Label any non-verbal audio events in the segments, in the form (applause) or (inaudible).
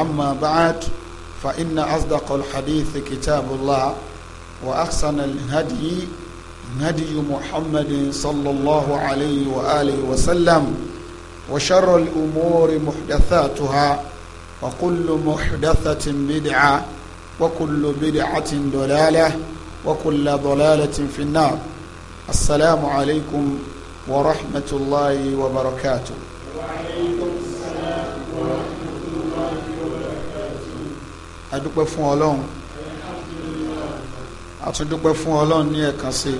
أما بعد فإن أصدق الحديث كتاب الله وأحسن الهدي هدي محمد صلى الله عليه وآله وسلم وشر الأمور محدثاتها وكل محدثة بدعة وكل بدعة ضلالة وكل ضلالة في النار السلام عليكم ورحمة الله وبركاته adúpẹ́ fún ọlọ́run àtúndúpẹ́ fún ọlọ́run ní ẹ̀kan sí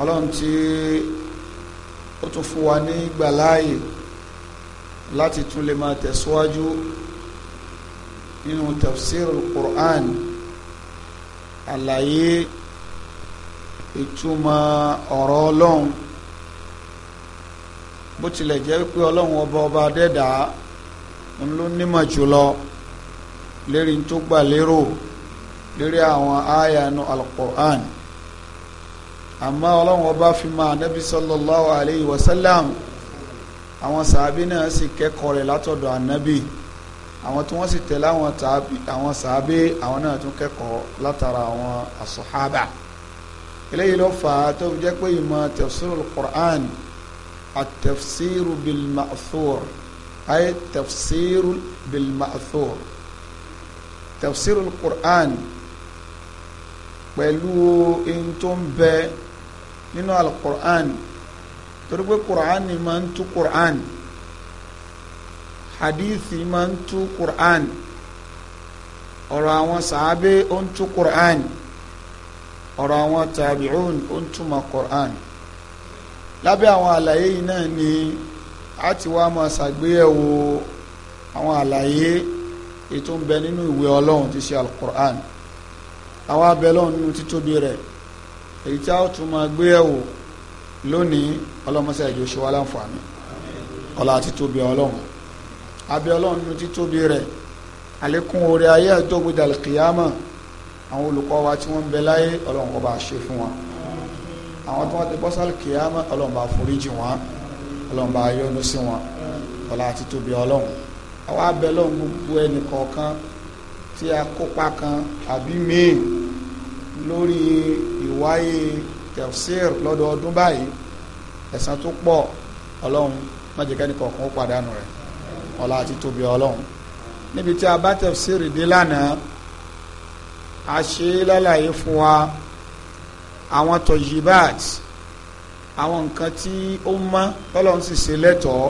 ọlọ́run tí ó tún fún wa ní gbàláàyè láti tún lè máa tẹ̀síwájú nínú tafsir quran àlàyé ìtumọ̀ ọ̀rọ̀ ọlọ́run bó tilẹ̀ jẹ́ pé ọlọ́run ọba ọba dẹ́dàá ń ló nímọ̀ jùlọ lérí tó gbà lérò lérí àwọn àyà inú alquran àmọ́ ọlọ́run ọba fi máa nẹ́bí sallallahu alayhi wa sallam àwọn sàábí náà sì kẹ́kọ̀ọ́ rẹ̀ látọ̀dọ̀ ànábì àwọn tí wọ́n sì tẹ̀lé àwọn sàábí àwọn náà tún kẹ́kọ̀ọ́ látara àwọn asọ̀hábà eléyìí ló fà á tó jẹ́ pé ìmọ̀ tafsirul Qur'an at-tafsiru bil ma'thur ay tafsirul Qur'an pẹ̀lú ohun tó ń bẹ nínú al-Qur'an torí pé Qur'an ni máa ń tú Qur'an hadithi máa ń tú Qur'an ọ̀rọ̀ àwọn sàábé ó ń tú Qur'an ọ̀rọ̀ àwọn tàbíùn ó ń túmọ̀ Qur'an lábẹ́ àwọn àlàyé yìí náà ni a ti wá máa ṣàgbéyẹ̀wò àwọn àlàyé ètò ń bẹ nínú ìwé ọlọ́run ti ṣe alukur'an àwa abẹ lọ́run nínú títóbi rẹ̀ èyí tí a ó tún máa gbé ẹ̀wò lónìí ọlọ́mọṣẹ́ ìjọ ṣe wá láǹfààní ọlá títóbi ọlọ́run abẹ ọlọ́run nínú títóbi rẹ̀ àlékún orí ayé àjọgbédà kìyàmà àwọn olùkọ́ wa tí wọ́n ń bẹ láyé ọlọ́run kó bá ṣe fún wa àwọn tí wọ́n ti bọ́ sálì kìyàmà ọlọ́run bá foríjì wọn ọlọ́run bá yọ́nú sí wọn ọlá títóbi ọlọ́run àwa abẹ́lọ́ gbogbo ẹnì kọ̀ọ̀kan tí a kópa kan àbí míì lórí ìwáyé tafsir lọ́dọọdún báyìí ẹ̀san tó pọ̀ ọlọ́run má jẹ́ kẹ́ni kọ̀ọ̀kan ó pàdánù rẹ̀ ọlá àti tóbi ọlọ́run níbi tí a bá tafsir dé lánàá a ṣe lálàyé fún wa àwọn tọ̀yìbáàtì àwọn nǹkan tí ó mọ́ tọ́lọ́run sì ṣe lẹ́tọ̀ọ́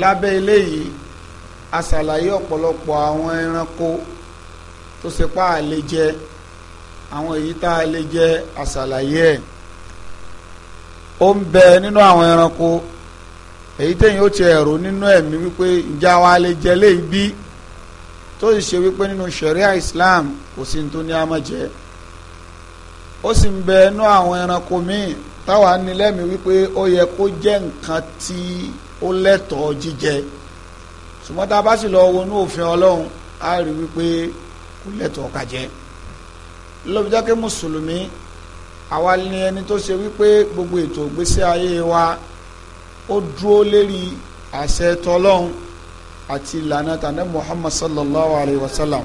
lábẹ́ eléyìí a ṣàlàyé ọ̀pọ̀lọpọ̀ àwọn ẹranko tó ṣe pa á lè jẹ àwọn èyí tá a lè jẹ àṣàlàyé ẹ̀ ó ń bẹ nínú àwọn ẹranko èyí téyìn ó ti ẹ̀rù nínú ẹ̀mí wípé ìjà wa lè jẹ léyìí bí tó sì ṣe wípé nínú ṣẹ̀ríà Islam kò sí ní tó ní a má jẹ ó sì ń bẹ nínú àwọn ẹranko míì táwa nílẹ̀mí wípé ó yẹ kó jẹ́ nǹkan tí. Tí ó lẹ́tọ̀ọ́ jíjẹ ṣùgbọ́n tá a bá sì lọ wọnú òfin ọlọ́run á rí wípé kò lẹ́tọ̀ọ́ àwa ni ẹni tó ṣe wípé gbogbo ètò ìgbésí ayé wa ó dúró lérí àṣẹ tọlọ́run àti ìlànà tànà Muhammad sallallahu alayhi wa sallam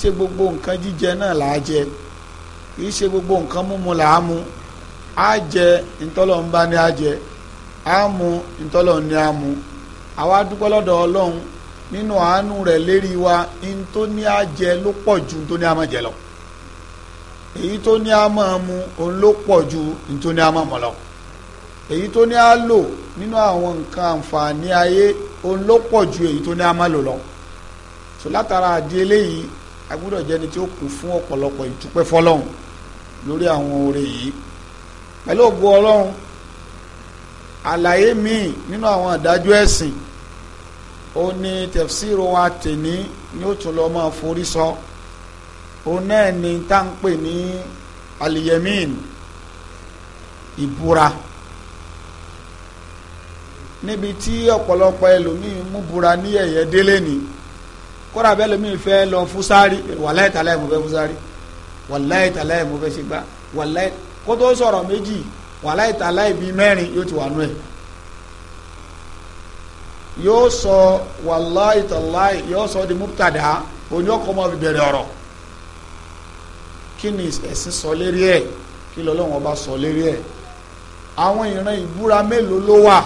ṣe gbogbo nǹkan jíjẹ náà là á jẹ gbogbo nǹkan múmu là á á jẹ á mu ntọ́lọ́run ni á mu àwa dúpẹ́ lọ́dọ̀ ọlọ́run nínú àánú rẹ̀ lérí wa ní ní á ló pọ̀ ju ní ní á jẹ lọ èyí tó ní á mu òun ló pọ̀ ju ní tó ní á má mọ̀ lọ èyí tó ní á lò nínú àwọn nǹkan àǹfààní ayé òun ló pọ̀ ju èyí tó ní á lò lọ so látara àdí eléyìí a gbọ́dọ̀ tí ó kún fún ọ̀pọ̀lọpọ̀ ìdúpẹ́ fọlọ́run lórí àwọn oore yìí pẹ̀lú ògo ọlọ́run àlàyé míì nínú àwọn ìdájọ́ ẹ̀sìn ó ní tẹ̀fsíìrò wa tèní ni ó tún lọ́ máa forí sọ ó náà ní tá à ń pè ní aliyemin ìbúra níbi tí ọ̀pọ̀lọpọ̀ ẹlòmíì mú búra ní ẹ̀yẹ délé ni kóra bẹ́ẹ̀ lómi fẹ́ lọ fúsárì wàláyé tàláyé mo fẹ́ fúsárì wàláyé tàláyé mo fẹ́ ṣe gbá wàláyé kótó sọ̀rọ̀ méjì wàhálà ìta aláìbí mẹ́rin yóò ti wà nú ẹ̀ yóò sọ wàhálà ìta yóò sọ di mubtada oní ọkọ̀ ọmọ bìbẹ̀rẹ̀ ọ̀rọ̀ kí ni ẹ̀sìn sọ lérí ẹ̀ kí lọ́lọ́wọ́n bá sọ lérí ẹ̀ àwọn ìran ìbúra mélòó ló wà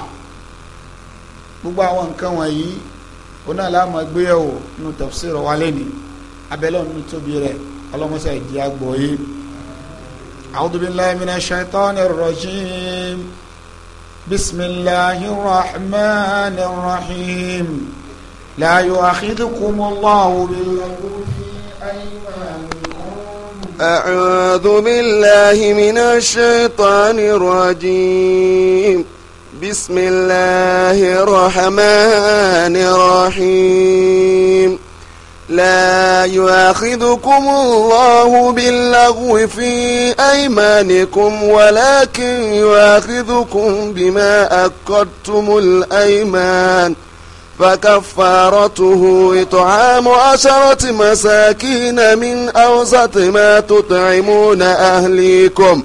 gbogbo àwọn nǹkan wọ̀nyí oní àlámọ̀ gbé yẹ̀wò nínú tafsir wa lẹ́ni abẹ́lẹ́ ònú tóbi rẹ̀ ọlọ́mọṣẹ́ ìdí àgbọ̀ yìí. أعوذ بالله من الشيطان الرجيم بسم الله الرحمن الرحيم لا يؤاخذكم الله بالله في أيمانكم أعوذ بالله من الشيطان الرجيم بسم الله الرحمن الرحيم لا يؤاخذكم الله باللغو في أيمانكم ولكن يؤاخذكم بما أكدتم الأيمان فكفارته إطعام عشرة مساكين من أوسط ما تطعمون أهليكم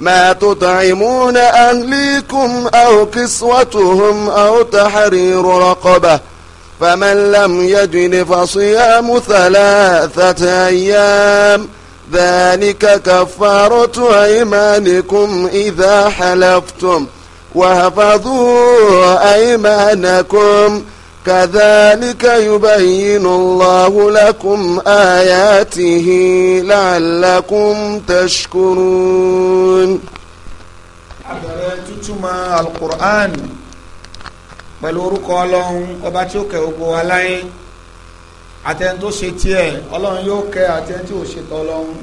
ما تطعمون أهليكم أو كسوتهم أو تحرير رقبه فمن لم يجد فصيام ثلاثة أيام ذلك كفارة أيمانكم إذا حلفتم واحفظوا أيمانكم كذلك يبين الله لكم آياته لعلكم تشكرون. على القرآن pẹ̀lú orúkọ ọlọ́run ọba tí ó kẹ́ gbogbo wa láyé àtẹni tó ṣe tiẹ̀ ọlọ́run yóò kẹ́ àtẹni tí ò ṣe tọ́lọ́run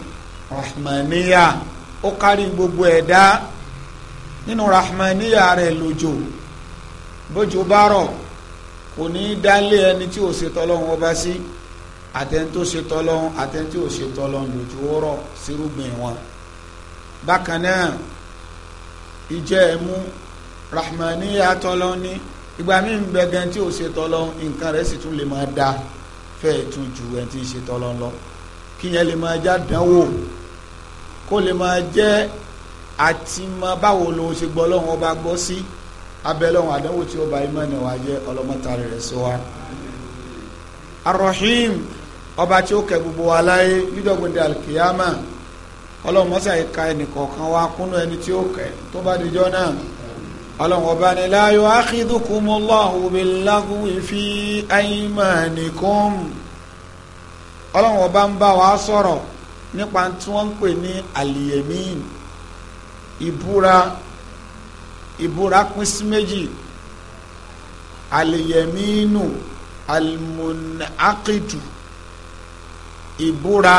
rahmaniya ó kárí gbogbo ẹ̀dá nínú rahmaniya rẹ̀ lójò bójú bá rọ̀ kò ní í dálé ẹni tí ò ṣe tọ́lọ́run ọba sí àtẹni tó ṣe tọ́lọ́run àtẹni tí ò ṣe tọ́lọ́run lójú ó rọ̀ sírúgbìn wọn bákan náà ìjẹ́ ẹ̀mú rahmaniya tọ́lọ́run ní ìgbà míì ń bẹ gan tí ò ṣe tọ́lọ́ nǹkan rẹ̀ sì tún lè máa da fẹ́ẹ̀ tún ju ẹ̀ tí ń ṣe tọ́lọ́ lọ kí yẹn lè máa já dánwò kó lè máa jẹ́ àti mọ báwo ló ṣe gbọ́ lọ́wọ́ ọba gbọ́ sí abẹ́lọ́wọ́ àdánwò tí ó ba imọ̀ ni wàá jẹ́ ọlọ́mọtàrí rẹ̀ sí wa. arrohim ọba tí ó kẹ́ gbogbo wa láyé nídọ̀gbọ̀dẹ alkiyama ọlọ́mọṣà ìka ẹnìkọ̀ọ̀kan wa kúnú ẹni tí ó kẹ́ tó bá dijọ́ náà ọlọ́run ọba ni la yu'akhidhukumullahu bil-laghwi fi aymanikum ọlọ́run ọba ń bá wa sọ̀rọ̀ nípa tí wọ́n ń pè ní aliyemin ìbúra ìbúra pín sí méjì aliyeminu almunakidu ìbúra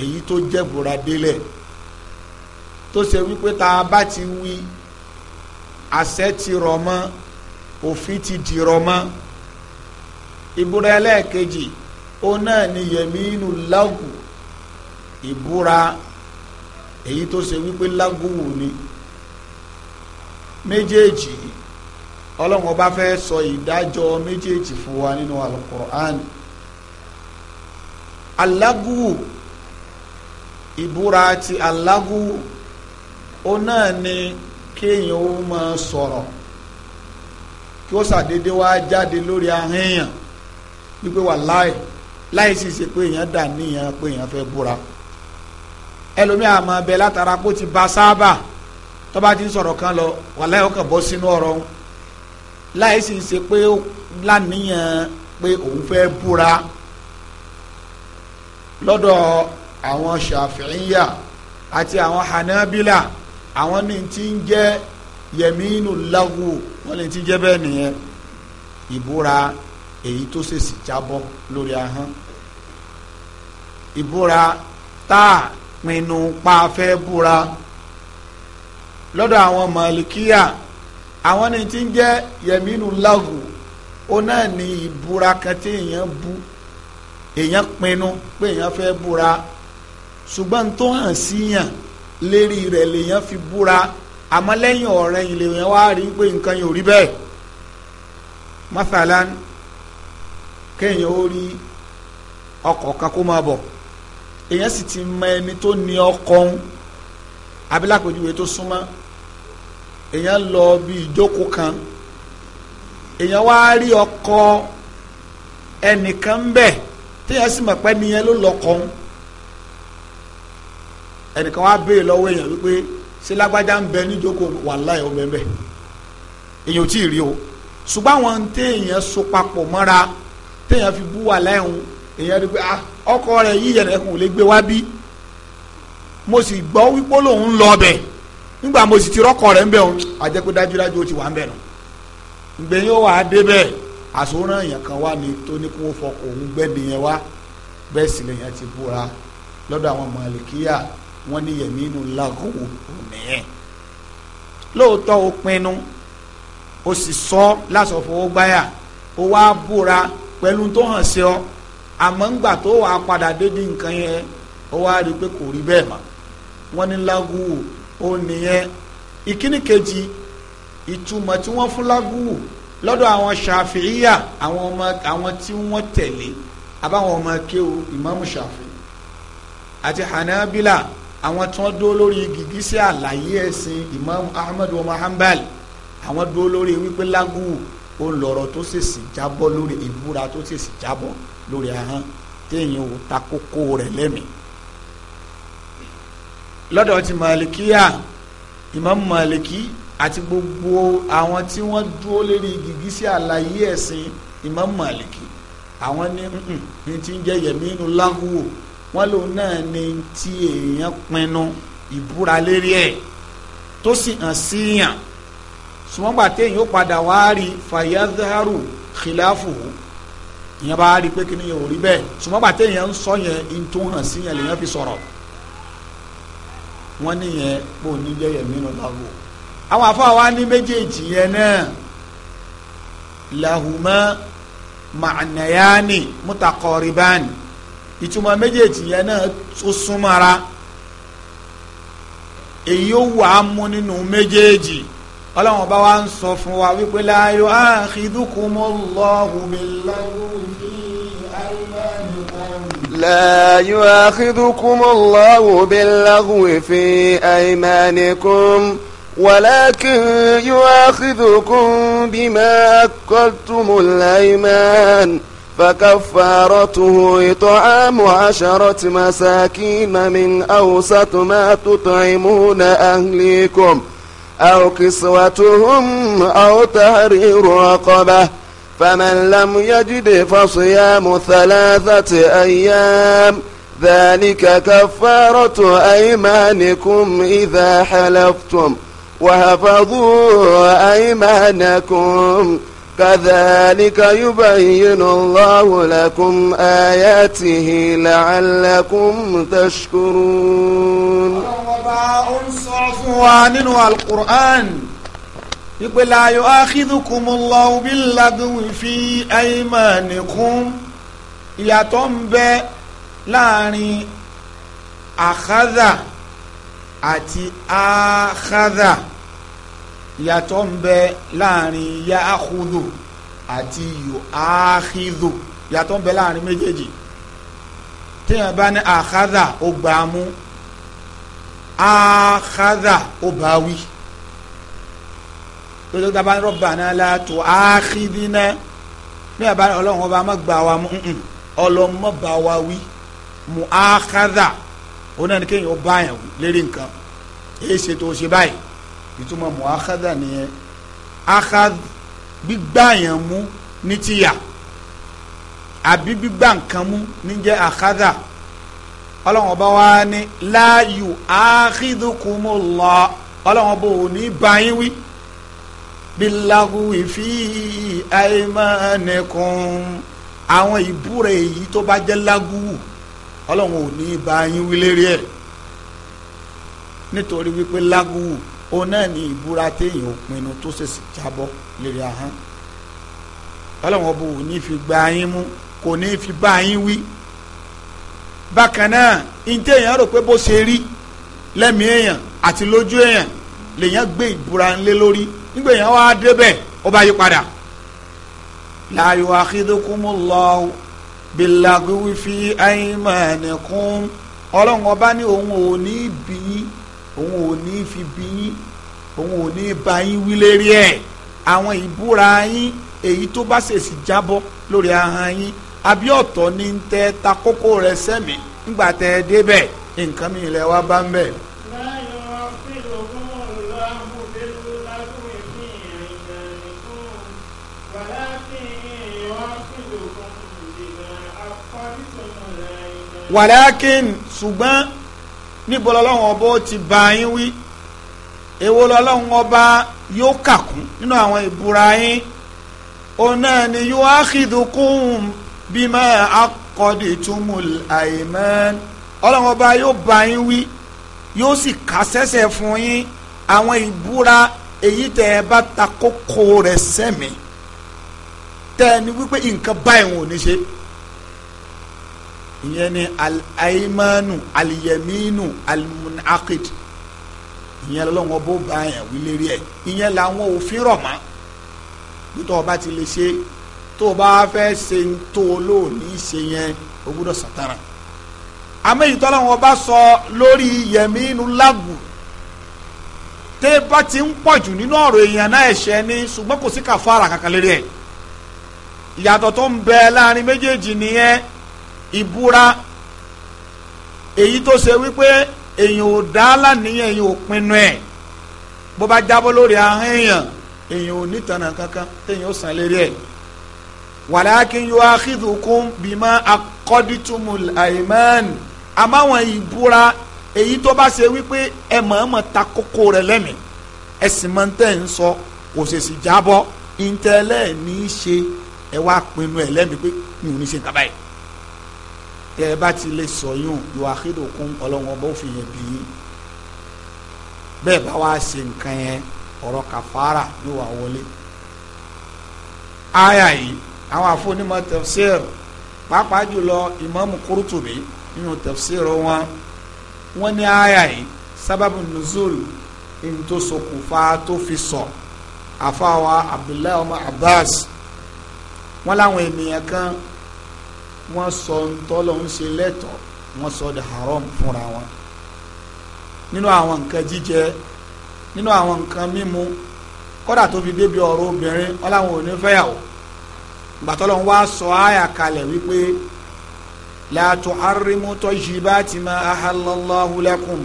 èyí tó jẹ́ búra délẹ̀ tó ṣe wípé tá a bá ti wí. àṣẹ ti rọ̀ mọ́ òfin ti dìrọ̀ mọ́ ìbúra ẹlẹ́ẹ̀kejì ó náà ni yẹmínú lágù ìbúra èyí tó ṣe wípé lágùwù ni méjèèjì ọlọ́run ọba fẹ́ sọ ìdájọ́ méjèèjì fún wa nínú alukur'an alágùwù ìbúra ti alágùwù ó náà ni. kéèyàn ó máa sọ̀rọ̀ kí ó ṣàdédé wá jáde lórí ahọ́n èèyàn wípé wà láì láì sì ṣe pé èèyàn dà níyàn pé èèyàn fẹ́ búra ẹlòmíì àmọ́ bẹ látara kó ti ba sábà tó bá ti ń sọ̀rọ̀ kan lọ wà láì ọkàn bọ́ sínú ọ̀rọ̀ òun láì sì ṣe pé láníyàn pé òun fẹ́ búra lọ́dọ̀ àwọn ṣàfihàn àti àwọn hanabila. àwọn ní ti ń jẹ́ yẹmínú lágù wọn lè ti jẹ́ bẹ́ẹ̀ nìyẹn ìbúra èyí tó ṣèṣì jábọ́ lórí ahọ́n ìbúra tá a pinnu pa fẹ́ búra lọ́dọ̀ àwọn mọ̀lìkíyà àwọn ní ti ń jẹ́ yẹmínú lágù ó náà ní ìbúra kan tí èèyàn bú èèyàn pinnu pé èèyàn fẹ búra ṣùgbọ́n tó hàn síyàn. Si lérí rẹ̀ lèèyàn fi búra àmọ́ lẹ́yìn ọ̀rẹ́ yìí lèèyàn wá rí pé nǹkan yìí ò rí bẹ́ẹ̀ masalan kéèyàn ó rí ọkọ̀ kan kó máa bọ̀ èèyàn sì ti mọ ẹni tó ní ọkọ̀ ń abilákojúwe tó súnmọ́ èèyàn lọ bí ìjókòó kan èèyàn wá rí ọkọ̀ ẹnìkan ń bẹ̀ téèyàn sì mọ̀ pé nìyẹn ló lọ́kọ̀ ń ẹnìkan wa béèrè lọ́wọ́ èèyàn wípé ṣé lágbájá ń bẹ níjókòó wàláhì ó èèyàn tí ì rí o ṣùgbọ́n àwọn téèyàn so papọ̀ mọ́ra téèyàn fi bú wàláhì lẹ́hùn èèyàn rí pé ah, ọkọ yíyẹn rẹ̀ kò lè gbé wá bí mo sì gbọ́ wípé lòun ń lọ ọbẹ̀ nígbà mo sì ti rẹ̀ ń bẹ̀ òun pé dájúdájú ó ti wà ń bẹ̀ nù wọ́n ní yẹ̀mínú làgùwò nìyẹn lóòótọ́ o pinnu o sì sọ lásọ̀fọwọ́ gbáyà o wá búra pẹ̀lú tó hàn sí ọ àmọ́ ńgbà tó wàá padà dédé nǹkan yẹn ó wá rí i pé kò rí bẹ́ẹ̀ mọ́ wọ́n ní lágùwò ó nìyẹn ìkíní kejì ìtumọ̀ tí wọ́n fún lágùwò lọ́dọ̀ àwọn ṣàfihíyà àwọn ọmọ àwọn tí wọ́n tẹ̀lé àbáwọn ọmọ kéwu ìmáàmù ṣàfi àti hànábílà àwọn tí wọ́n dúró lórí gìgísẹ̀ àlàyé ẹ̀sìn Imam Ahmad wa mahambal àwọn dúró lórí wípé lágù òun lọ̀rọ̀ tó ṣèṣì jábọ́ lórí ìbúra tó ṣèṣì jábọ́ lórí ahọ́n téèyàn ò ta kókó rẹ̀ lẹ́mìí lọ́dọ̀ ti malikiya Imam Maliki àti gbogbo àwọn tí wọ́n dúró lórí gìgísẹ̀ àlàyé ẹ̀sìn Imam Maliki àwọn ní ní ti ń jẹ́ yẹ̀mínú lágùwò wọ́n lòun náà ni tí èèyàn pinnu ìbúra lérí ẹ̀ tó sì hàn síyàn ṣùgbọ́n gbà téèyàn ó padà wá rí fàyàdàrú kìláfù ìyẹn bá rí pé kíni yẹn ò rí bẹ́ẹ̀ ṣùgbọ́n gbà téèyàn ń sọ yẹn in tó hàn síyàn lèyàn fi sọ̀rọ̀ wọ́n níyẹn pò ní jẹ́yẹ̀ mìíràn lọ́wọ́ àwọn afáwa ní méjèèjì yẹn náà làhùmá mànàyáni mútakọ̀rìbáni ìtumọ̀ méjèèjì yẹn náà tó súnmọ́ra èyí ó wà á mú nínú méjèèjì ọlọ́run bá wa ń sọ fún wa wípé láàyò akhidhukumullahu billaghwi لا يؤاخذكم الله باللغو في أيمانكم ولكن يؤاخذكم بما أكلتم الأيمان فكفارته إطعام عشرة مساكين من أوسط ما تطعمون أهليكم أو كسوتهم أو تحرير رقبة فمن لم يجد فصيام ثلاثة أيام ذلك كفارة أيمانكم إذا حلفتم وهفظوا أيمانكم كذلك يبين الله لكم آياته لعلكم تشكرون القرآن يقول لا يؤاخذكم الله باللغو في أيمانكم ìyàtọ̀ ń bẹ láàrin àkádà àti àkádà ìyàtọ̀ ń bẹ láàrin yaahudu àti yuahidu ìyàtọ̀ ń bẹ láàrin méjèèjì téèyàn bá ní àkádà ó gbà á mú àkádà ó bá wí lójú dábàá rọ́bàná látò àkídínà bí a bá ní ọlọ́run ọba má gbà wá mú ọlọ́run má wá wí mu àkádà ó náà ní kéèyàn ó bá yàn lérí nǹkan èyí ṣètò òṣè ìtumọ̀ muakhadha nìyẹn akhadh gbígbàyàn mú ní tìyà àbí gbígbà nǹkan mú ní jẹ́ akhadha ọlọ́run ọba wa ní la yu'akhidhukumullah ọlọ́run ọba ò ní báyìí wí bilahuwi fi aimanekun àwọn ìbúra èyí tó bá jẹ́ lágùwù ọlọ́run ò ní bá wí lérí ẹ̀ nítorí wípé lágùwù òun náà ni ìbúra téèyàn ò pinnu tó ṣèṣì jábọ́ lérí ahọ́n ọlọ́run ọba ò ní fi gba yín mú kò ní fi bá yín wí bákan náà ìtẹ̀yàn rò pé bó ṣe rí lẹ́mìí èèyàn àti lójú èèyàn lèèyàn gbé ìbúra ńlé lórí nígbà èèyàn wá débẹ̀ ó bá yí padà la yu'akhidhukumullahu billaghwi fi aymanikum ọlọ́run ọba ní òun ò ní bí yín òun ò ní fi bí yín òun ò ní bá yín wí lérí ẹ̀ àwọn ìbúra yín èyí tó bá ṣèṣì jábọ́ lórí ahọ́n yín àbí ọ̀tọ̀ ń tẹ ta kókó rẹ̀ sẹ́mi ńgbà tẹ ẹ débẹ̀ nǹkan mi ilẹ̀ wa bá ń bẹ̀. wàlákìn ṣùgbọ́n níbo lọ́lọ́run ọba ó ti bá yín wí èwo lọ́lọ́run ọba yóò kàkún nínú àwọn ìbúra yín òun náà ni yóò áhìdùkún bímọ akọ̀dìtúmùl àìmán ọlọ́run ọba yóò bá yín wí yóò sì kásẹ́sẹ̀ fún yín àwọn ìbúra èyí tẹ́ ẹ bá ta kókó rẹ̀ sẹ́mi tẹ́ ẹ ní wípé nǹkan báyìí wọn ò ní ṣe ìyẹn ni al-aimanu al-yaminu al-munaqid ìyẹn lọ́wọ́ bó bá yẹn wí lérí ẹ̀ ìyẹn làwọn òfin rọ̀ mọ́ nítorí ọba ti lè ṣe tó o bá fẹ́ ṣe ń tó o lò ní ṣe yẹn o gbúdọ̀ sàtàrà àmọ́ ìtọ́lọ́wọ́ bá sọ lórí yẹmínú lágùn tẹ́ bá ti ń pọ̀jù nínú ọ̀rọ̀ èèyàn náà ẹ̀ṣẹ̀ ni ṣùgbọ́n kò sí kàfàrà kankan lérí ẹ̀ ìyàtọ̀ tó ń bẹ láàrin méjèèjì nìyẹn ìbúra èyí tó ṣe wípé èyàn ò dá lánìyàn èyàn ò pinnu ẹ̀ bó bá jábọ́ lórí ahọ́n èyàn èyàn ò nítànà kankan téèyàn ó san lérí ẹ̀ wàlákin yóò àkìdùkún bímọ akọ́dítùmùl àìmán àmọ́ àwọn ìbúra èyí tó bá ṣe wípé ẹ mọ̀ọ́mọ̀ ta kókó rẹ̀ lẹ́mìí ẹ máa ń tẹ̀ ń sọ kò ṣèṣì jábọ́ ìtẹ́lẹ̀ ní í ṣe ẹ wá pinnu ẹ lẹ́mìí pé mi ò ní ṣe nǹkan tẹ ẹ bá ti lè sọyún yóò àkídò kún ọlọ́wọ́n bó fi yẹn bí bẹ́ẹ̀ bá wá ṣe nǹkan yẹn ọ̀rọ̀ kàfàrà yóò wá wọlé aya yìí àwọn àfọnímọ̀ tafsir pàápàá jùlọ ìmáàmù Qurtubi nínú tafsir wọn wọ́n ní aya yìí sábàbù nùzúl ntòsokùnfà tó fi sọ àfàwà Abdullahi ọmọ Abbas wọ́n láwọn ènìyàn kan wọn sọ ntọ́lọ́ ń ṣe lẹ́tọ̀ọ́ wọ́n sọ di haram fúnra wọn nínú àwọn nǹkan jíjẹ nínú àwọn nǹkan mímu kódà tó fi débi ọ̀rọ̀ obìnrin ọláwọn ò fẹ́yàwó gbàtọ́lọ́ sọ àyà kalẹ̀ wípé la tuharrimu ti ma ahallallahu lakum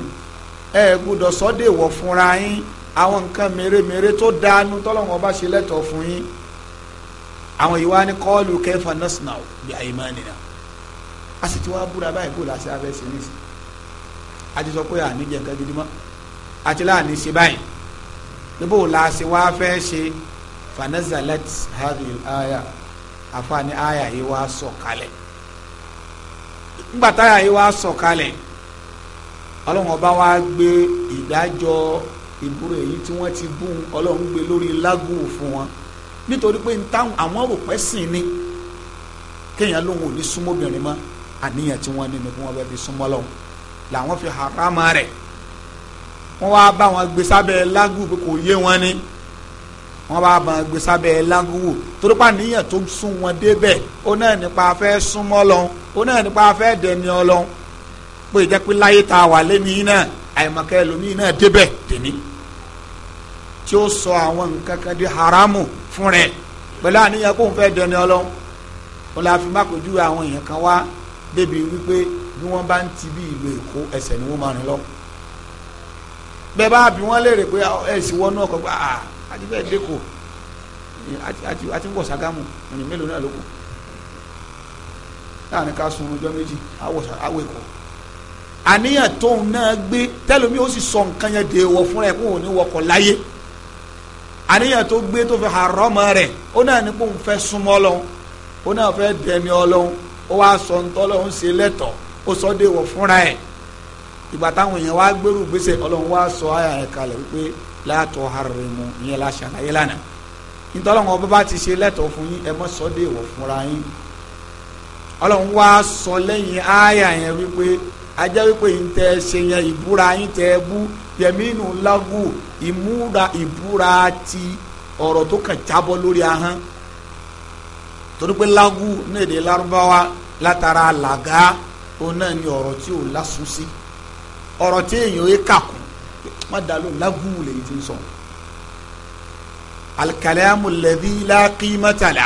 ẹ gbúdọ̀ fúnra yín àwọn àwọn yìí wá ní kọ́ọ̀lù kẹfà nọ́sìnà bí àyèmánìyà a sì ti wá búra báyìí kó làásì abẹ́ sí ní sí a ti sọ pé àní jẹ nǹkan gidi mọ́ a ti láàní ṣe báyìí níbo làásì wá fẹ́ ṣe fanazalat hadhihi aya àfààní aya yìí wá sọ kalẹ̀ ngbàtà aya yìí wá sọ kalẹ̀ ọlọ́run ọba wa gbé ìdájọ́ ìbúra èyí tí wọ́n ti bú ọlọ́run gbé lórí lágùn fún wọn nítorí pé ntáwọn àwọn rò pẹ́ sìn ni kéèyàn lóun ò ní súnmọ́ mọ́ àníyàn tí wọ́n ní ni kí wọ́n bẹ́ẹ̀ fi súnmọ́ lọ́wọ́ làwọn fi harama rẹ̀ wọ́n wá bá wọn gbé sábẹ́ lágùn pé kò yé wọn ni wọ́n bá wọn gbé sábẹ́ lágùn wò torí pa níyàn tó sún wọn débẹ̀ ó náà nípa afẹ́ súnmọ́ lọ́wọ́ ó náà nípa afẹ́ dẹni ọlọ́wọ́ pé ìjẹ́ láyé ta wà lẹ́ni náà àìmọ̀kẹ́ lómi náà débẹ̀ dèmí tí ó sọ àwọn nǹkan kan di haramu fún rẹ̀ pẹ̀lú àníyàn kó n fẹ́ dẹni ọlọ́run ó la fi mákojú àwọn èèyàn kan wá débi wípé bí wọ́n bá ń ti bí ìlú èkó ẹsẹ̀ ni wọ́n máa rìn lọ bẹ́ẹ̀ bá bí wọ́n léèrè pé ẹ̀sìn wọnú ọkọ̀ pé àà àti bẹ́ẹ̀ dẹ́kọ̀ àti ń wọ̀ Ṣàgámù ìrìn mélòó náà ló kù láàrin ká sun ọjọ́ méjì àwọ̀ èkó àníyàn tóun náà gbé tẹ́lómi ó sì sọ nǹkan yẹn dèèwọ̀ fúnra ẹ̀ kó òun ní wọkọ̀ láyé àníyàn tó gbé tó fi hàrọ́mọ rẹ̀ ó náà ní kó ń fẹ́ súnmọ́ Ọlọ́hun ó náà fẹ́ dẹni Ọlọ́hun ó wá sọ ntọ́lọ́hún ṣe lẹ́tọ̀ọ́ ó sọ dé wọ̀ fúnra ẹ̀ ìgbà táwọn èèyàn wá gbèrú gbèsè Ọlọ́hun wá sọ àyà rẹ̀ kalẹ̀ wípé látọ̀ harimu ìyẹn la ṣàlàyé lánàá ntọ́lọ́hún ọba bá ti ṣe lẹ́tọ̀ọ́ fún yín ẹ mọ́ sọ dé wọ̀ fúnra yín Ọlọ́hun wá sọ lẹ́yìn àyà yẹn wípé ajá wípé yín tẹ́ ṣe yẹn ìbúra yín tẹ́ bú yẹmínú lágùn ìmúra ìbúra ti ọ̀rọ̀ tó kàn jábọ́ lórí ahọ́n torí pé lágù ní èdè lárúbáwá látara làgá òun náà ni ọ̀rọ̀ tí ò lásùn sí ọ̀rọ̀ tí èèyàn yé kàkún má dà ló lágù lèyí ti ń sọ alikalamu lẹbi lakimatala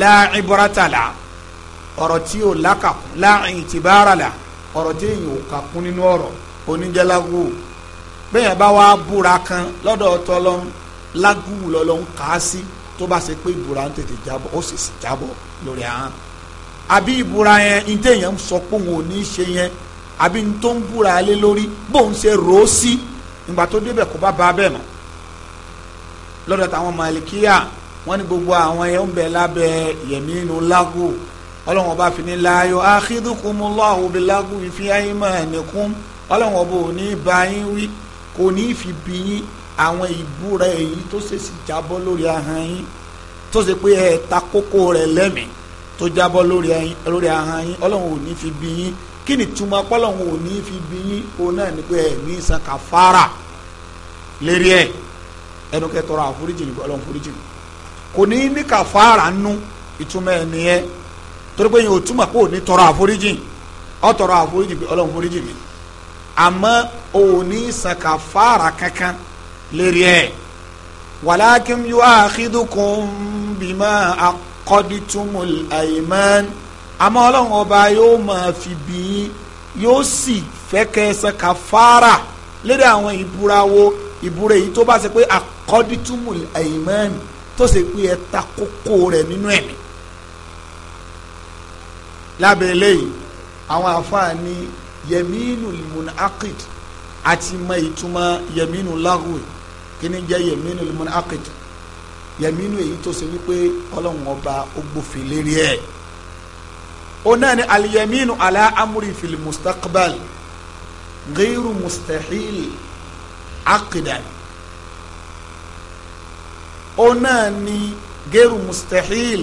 laibaratala ọ̀rọ̀ tí ò lákàkún laitibara la ọ̀rọ̀ tí èèyàn ò kàkún nínú ọ̀rọ̀ oníjàlágù bẹ́ẹ̀ bá wá búra kan lọ́dọ̀ tọ́lọ́ lágùn lọ́lọ́ ń kà á sí tó bá ṣe pé ìbúra ń tètè jábọ̀ ó sì sì jábọ̀ lórí ahọ́n àbí ìbúra yẹn ní téèyàn ń sọ pé òun ò ní í ṣe yẹn àbí ní tó ń búra lé lórí bóun ṣe rò ó sí ìgbà tó débẹ̀ kó bá ba bẹ́ẹ̀ mọ́ lọ́dọ̀ táwọn malikiya wọ́n ní gbogbo àwọn yẹn ń bẹ lábẹ́ yẹ̀mínú lágù ọlọ́run ọba fini láàyò akhidhukumullahu bilágù fi aymanikum ọlọ́run ọba ò ní bá wí kò ní fi bí yín àwọn ìbúra èyí tó ṣèṣì jábọ́ lórí ahọ́n yín tó ṣe pé ẹ ta kókó rẹ̀ lẹ́mìí tó jábọ́ lórí ahọ́n yín ọlọ́run ò ní fi bí yín kí ni túmọ̀ pọ́lọ́run ò ní fi bí yín òun náà ni pé ẹ ní san kàfàrà lérí ẹ ẹnu kẹtọrọ àforíjì nìkan ọlọ́run foríjì nìkan kò ní ní kàfàrà nú ìtumọ̀ ẹ̀ nìyẹn torí pé yín ò túmọ̀ pé ò ní tọrọ àforíjì ọ tọrọ àforíjì ọlọ́run foríjì nìkan àmọ́ òní san kàfàrà kankan lérí ẹ̀ wàlákin yu'akhidukum bima aqadtumul ayman àmọ́ ọlọ́run ọba yóò máa fi bí yóò sì fẹ́ kẹ́ san kàfàrà lérí àwọn ìbúra wo ìbúra èyí tó bá ṣe pé aqadtumul ayman tó ṣe pé ẹ ta kókó rẹ̀ nínú ẹ̀mí lábẹ́ eléyìí àwọn àfáà ní yẹmínú limunakid àti mọ ìtumọ̀ yẹmínú lágùn kíni jẹ́ yẹmínú limunakid yẹmínú èyí tó ṣe wípé ọlọ́run ọba ó gbófin lérí ẹ̀ ó náà ni aliyamínú alá amúri fìlì mustaqbal gairu mustahil akidan ó náà ni gairu mustahil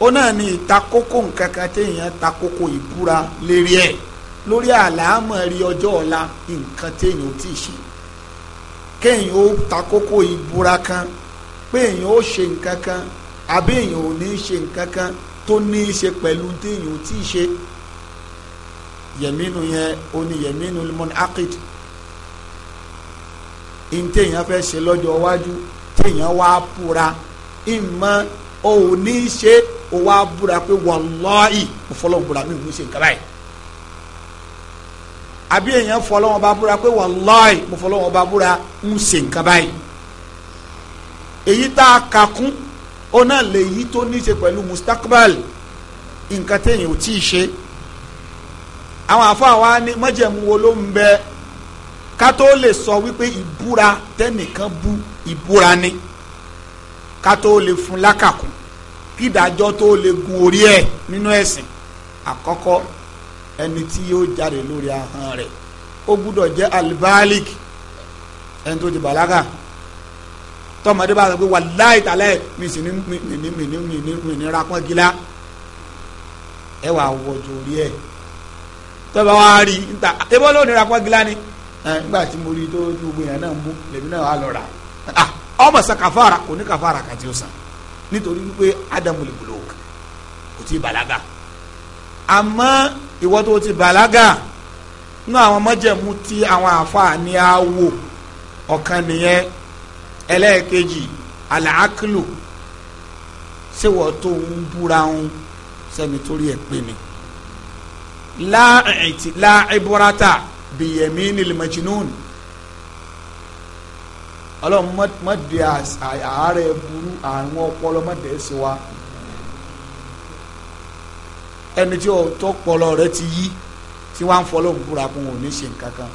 ó náà ni ìtakókó nǹkan téèyàn takókó ìbúra lérí ẹ̀. lórí àlámọ̀rí ọjọ́ ọ̀la nǹkan téèyàn ò tí ì ṣe kéèyàn ó ta kókó ìbúra kan pé èèyàn ó ṣe nǹkan kan àbí èèyàn ò ní ṣe nǹkan kan tó ní í ṣe pẹ̀lú téèyàn ò tí ì ṣe yẹmínú yẹn ó ní yẹmínú limon akid n téèyàn fẹ́ ṣe lọ́jọ́ iwájú téèyàn wá búra ìmọ̀ ò ní ṣe ó wá búra pé wàláì òfọlọ́gbùra mi ò ní ṣe nǹkan báyìí àbí èèyàn fọlọ́wọn bá búra pé wàláì mo fọlọ́wọn bá búra ń ṣe nǹkan báyìí èyí tá a kà kún ó náà lè yí tó ní í ṣe pẹ̀lú mustakbal nǹkan téèyàn ò tí ì ṣe àwọn àfáà wa ní májẹ̀mú wo ló ń bẹ ká tó lè sọ wípé ìbúra tẹ́nìkan bú ìbúra ni ká tó lè fún lákàkún kí ìdájọ́ tó lè gun orí ẹ̀ nínú ẹ̀sìn àkọ́kọ́ ẹni tí yóò jáde lórí ahọ́n rẹ̀ ó gbúdọ̀ jẹ́ alibalik ẹni tó ti bàlágà tọmọdé bá sọ pé wàláì tàlẹ́ mi sì ní mi ní mi ní mi ní mi ní rapọ́n gíla ẹ wà wọ̀jọ̀ orí ẹ̀ tọ́ba wa rí nta ebó ló ní rapọ́n gíla ni nígbà tí mo rí tó gbogbo yẹn náà mú lèmi náà wà lọ rà ọmọ sàn kàfàrà kò ní kàfàrà kàtí ó sàn nítorí wípé ádámù lè gbòòlò kò tí ì bàlágà àmọ́ ìwọ tó ti bàlágà nú àwọn mọ́jẹ̀mú tí àwọn àáfàá ni a wò ọ̀kan nìyẹn ẹlẹ́ẹ̀kejì àlàákìlù ṣèwọ́ tó ń búra ń sẹ́ni torí ẹ̀ pé ni láàìtì láàìbúrátà bìyẹ̀mí nílùmọ̀jìnnún ọlọ́run mọ̀dé àárẹ̀ burú àwọn ọpọlọ mọ̀dé sí wa ẹni tí ó tó pọlọ rẹ ti yí tí wọ́n á ń fọlọ́ búra kún òun ní ṣe nǹkan kan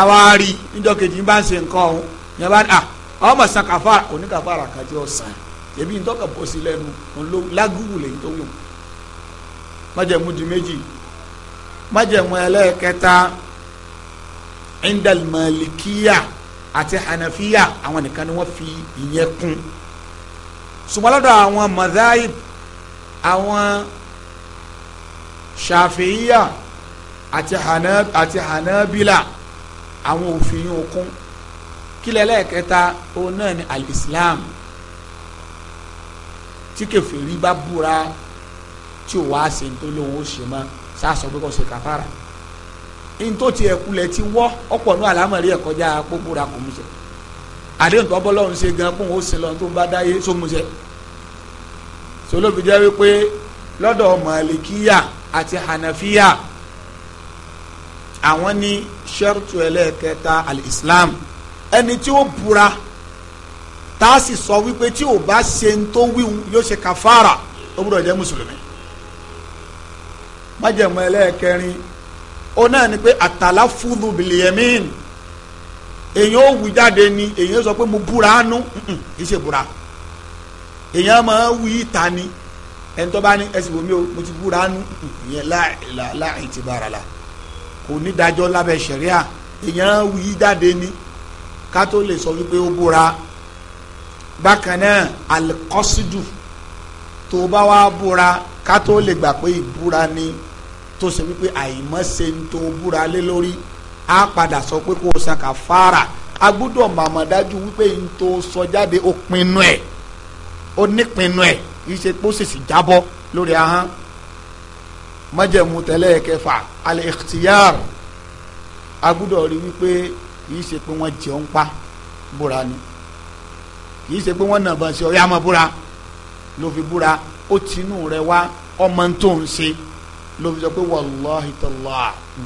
àwa rí níjọ́ kejì ń bá ń ṣe nǹkan ọ̀hún yẹn bá à ọmọ san kàfàrà òní kàfàrà kan tí ó san èmi ń tọ́ka bọ́ sí lẹ́nu òun lágùwù lèyí tó wù májẹ̀mú di méjì májẹ̀mú ẹlẹ́ẹ̀kẹta indalmalikiya àti hanafiya àwọn nìkan ni wọ́n fi ìyẹn kún ṣùgbọ́n àwọn madhaib àwọn ṣàfihíyà àti hànà àti hànàbílà àwọn òfin okun kílẹ̀ lẹ́ẹ̀kẹta òun náà ni alìsílám tí kẹfìrí bá búra tí ò wá ṣe tó lóun ó ṣe mọ́ sáàsọ pé kò ṣe kàfàrà ní tó ti ẹ̀kulẹ̀ ti wọ́ ọ̀pọ̀ ní àlámọ̀rí ẹ̀ kọjá pé búra kò mú ṣe àdéhùn tó bọ́ ṣe gan kóun ó ṣe lọ́run tó bá dáyé sómúṣe solóbi jẹ́ wípé lọ́dọ̀ mọ̀lẹ́kíyà. So àti hanafiya àwọn ní sẹ́rùtù ẹlẹ́ẹ̀kẹta alìsílám ẹni tí ó búra tá a sì sọ wípé tí ò bá ṣe ń tó wíwú yóò ṣe kàfàrà ó gbúdọ̀ jẹ́ mùsùlùmí májẹ̀mú ẹlẹ́ẹ̀kẹrin ó náà ni pé àtàlà fúdù bìlìyẹ̀mín èyàn ó wù jáde ni èyàn sọ pé mo búra nú kì í ṣe búra èyàn máa wù í ta ni ẹni tó bá ní ẹsìn bomi o mo ti búra nù ìyẹn láì ti bára la kò ní dájọ́ lábẹ́ ṣẹ̀ríà èèyàn wí jáde ni ká tó lè sọ wípé ó búra bákan náà alikọ́sídù tó bá wá búra ká tó lè gbà pé ìbúra ni tó ṣe wípé àìmọ́ṣe ń tó búra lé lórí á padà sọ pé kó o san kàfàrà a gbọ́dọ̀ màmá dájú wípé ń tó sọ jáde ó pinnu ẹ̀ ó nípinnu ẹ̀ kì í ṣe pé ó sì sì jábọ́ lórí ahọ́n májẹ̀mú tẹ́lẹ̀ kẹfà al-ikhtiyar agbọ́dọ̀ rí wípé kì í ṣe pé wọ́n jẹun pa búra ni kì í ṣe pé wọ́n nàbọ̀ sí ọ̀yá ọmọ búra ló fi búra ó tinú rẹ wá ọmọ tó ń ṣe ló fi sọ pé wàláhi tàlá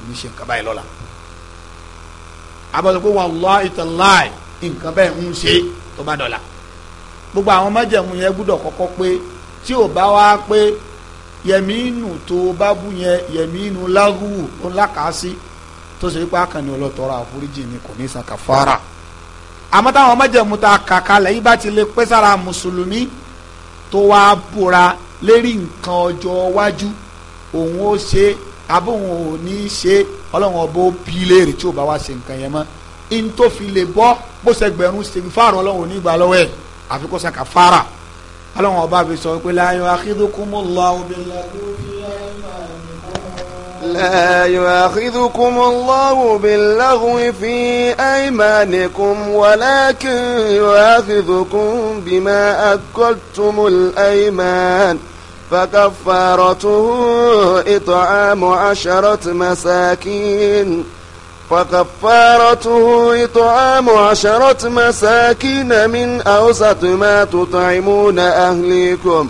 ní ṣe nǹkan báyìí lọ́la àbọ̀ sọ pé wàláhi tàlá nǹkan báyìí ń ṣe tó bá dọ̀la gbogbo àwọn májẹ̀mú yẹn gbúdọ̀ kọ́kọ́ pé tí ò bá wá pé yẹmínú tó bá bú yẹn yẹmínú lágùwù ó lákàásí tó ṣe wípé akànnì ọlọ́tọ̀ọ́ra àforíjì ni kò ní san kàfàrà àmọ́ táwọn májẹ̀mú ta kàkálẹ̀ yìí bá ti lè pẹ́ sára mùsùlùmí tó wá búra lérí nǹkan ọjọ́ iwájú òun ó ṣe abóhun ò ní ṣe ọlọ́run ọba ó bí léèrè tí ò bá wá ṣe nǹkan yẹn mọ́ in tó fi lè bọ́ bó ṣe ṣègbè fáàrọ̀ ọlọ́run ò ní gbà lọ́wọ́ ẹ̀ àfi kó san kàfàrà ọlọ́run ọba fi sọ pé la yu'akhidhukumullahu billaghwi لا يؤاخذكم الله باللغو في أيمانكم ولكن يؤاخذكم بما أكلتم الأيمان فكفارته إطعام عشرة مساكين فكفارته إطعام عشرة مساكين من أوسط ما تطعمون أهليكم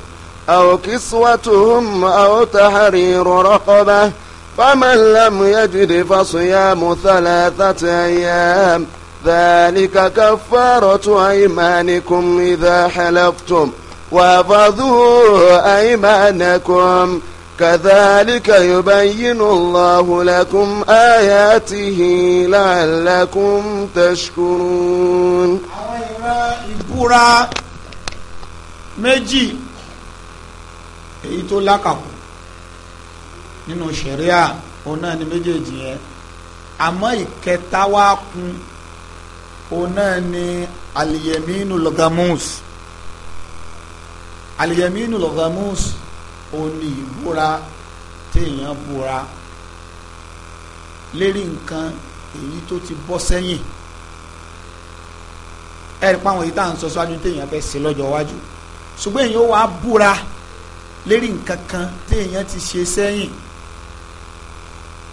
أو كسوتهم أو تحرير رقبة فمن لم يجد فصيام ثلاثة أيام ذلك كفارة أيمانكم إذا حلفتم وفضوا أيمانكم كذلك يبين الله لكم آياته لعلكم تشكرون ìbúra méjì èyí tó lákàkù nínú ṣẹ̀ríà òun náà ni méjèèjì yẹn àmọ́ ìkẹta wá kún òun náà ni aliyeminu logamus aliyeminu logamus ó ní ìbúra téèyàn búra lérí nǹkan èyí tó ti bọ́ sẹ́yìn ẹ̀rí pa àwọn èyí tá à ń sọ síwájú téèyàn fẹ́ ṣe lọ́jọ́ iwájú ṣùgbọ́n èyàn ó wá búra lérí nǹkan kan téèyàn ti ṣe sẹ́yìn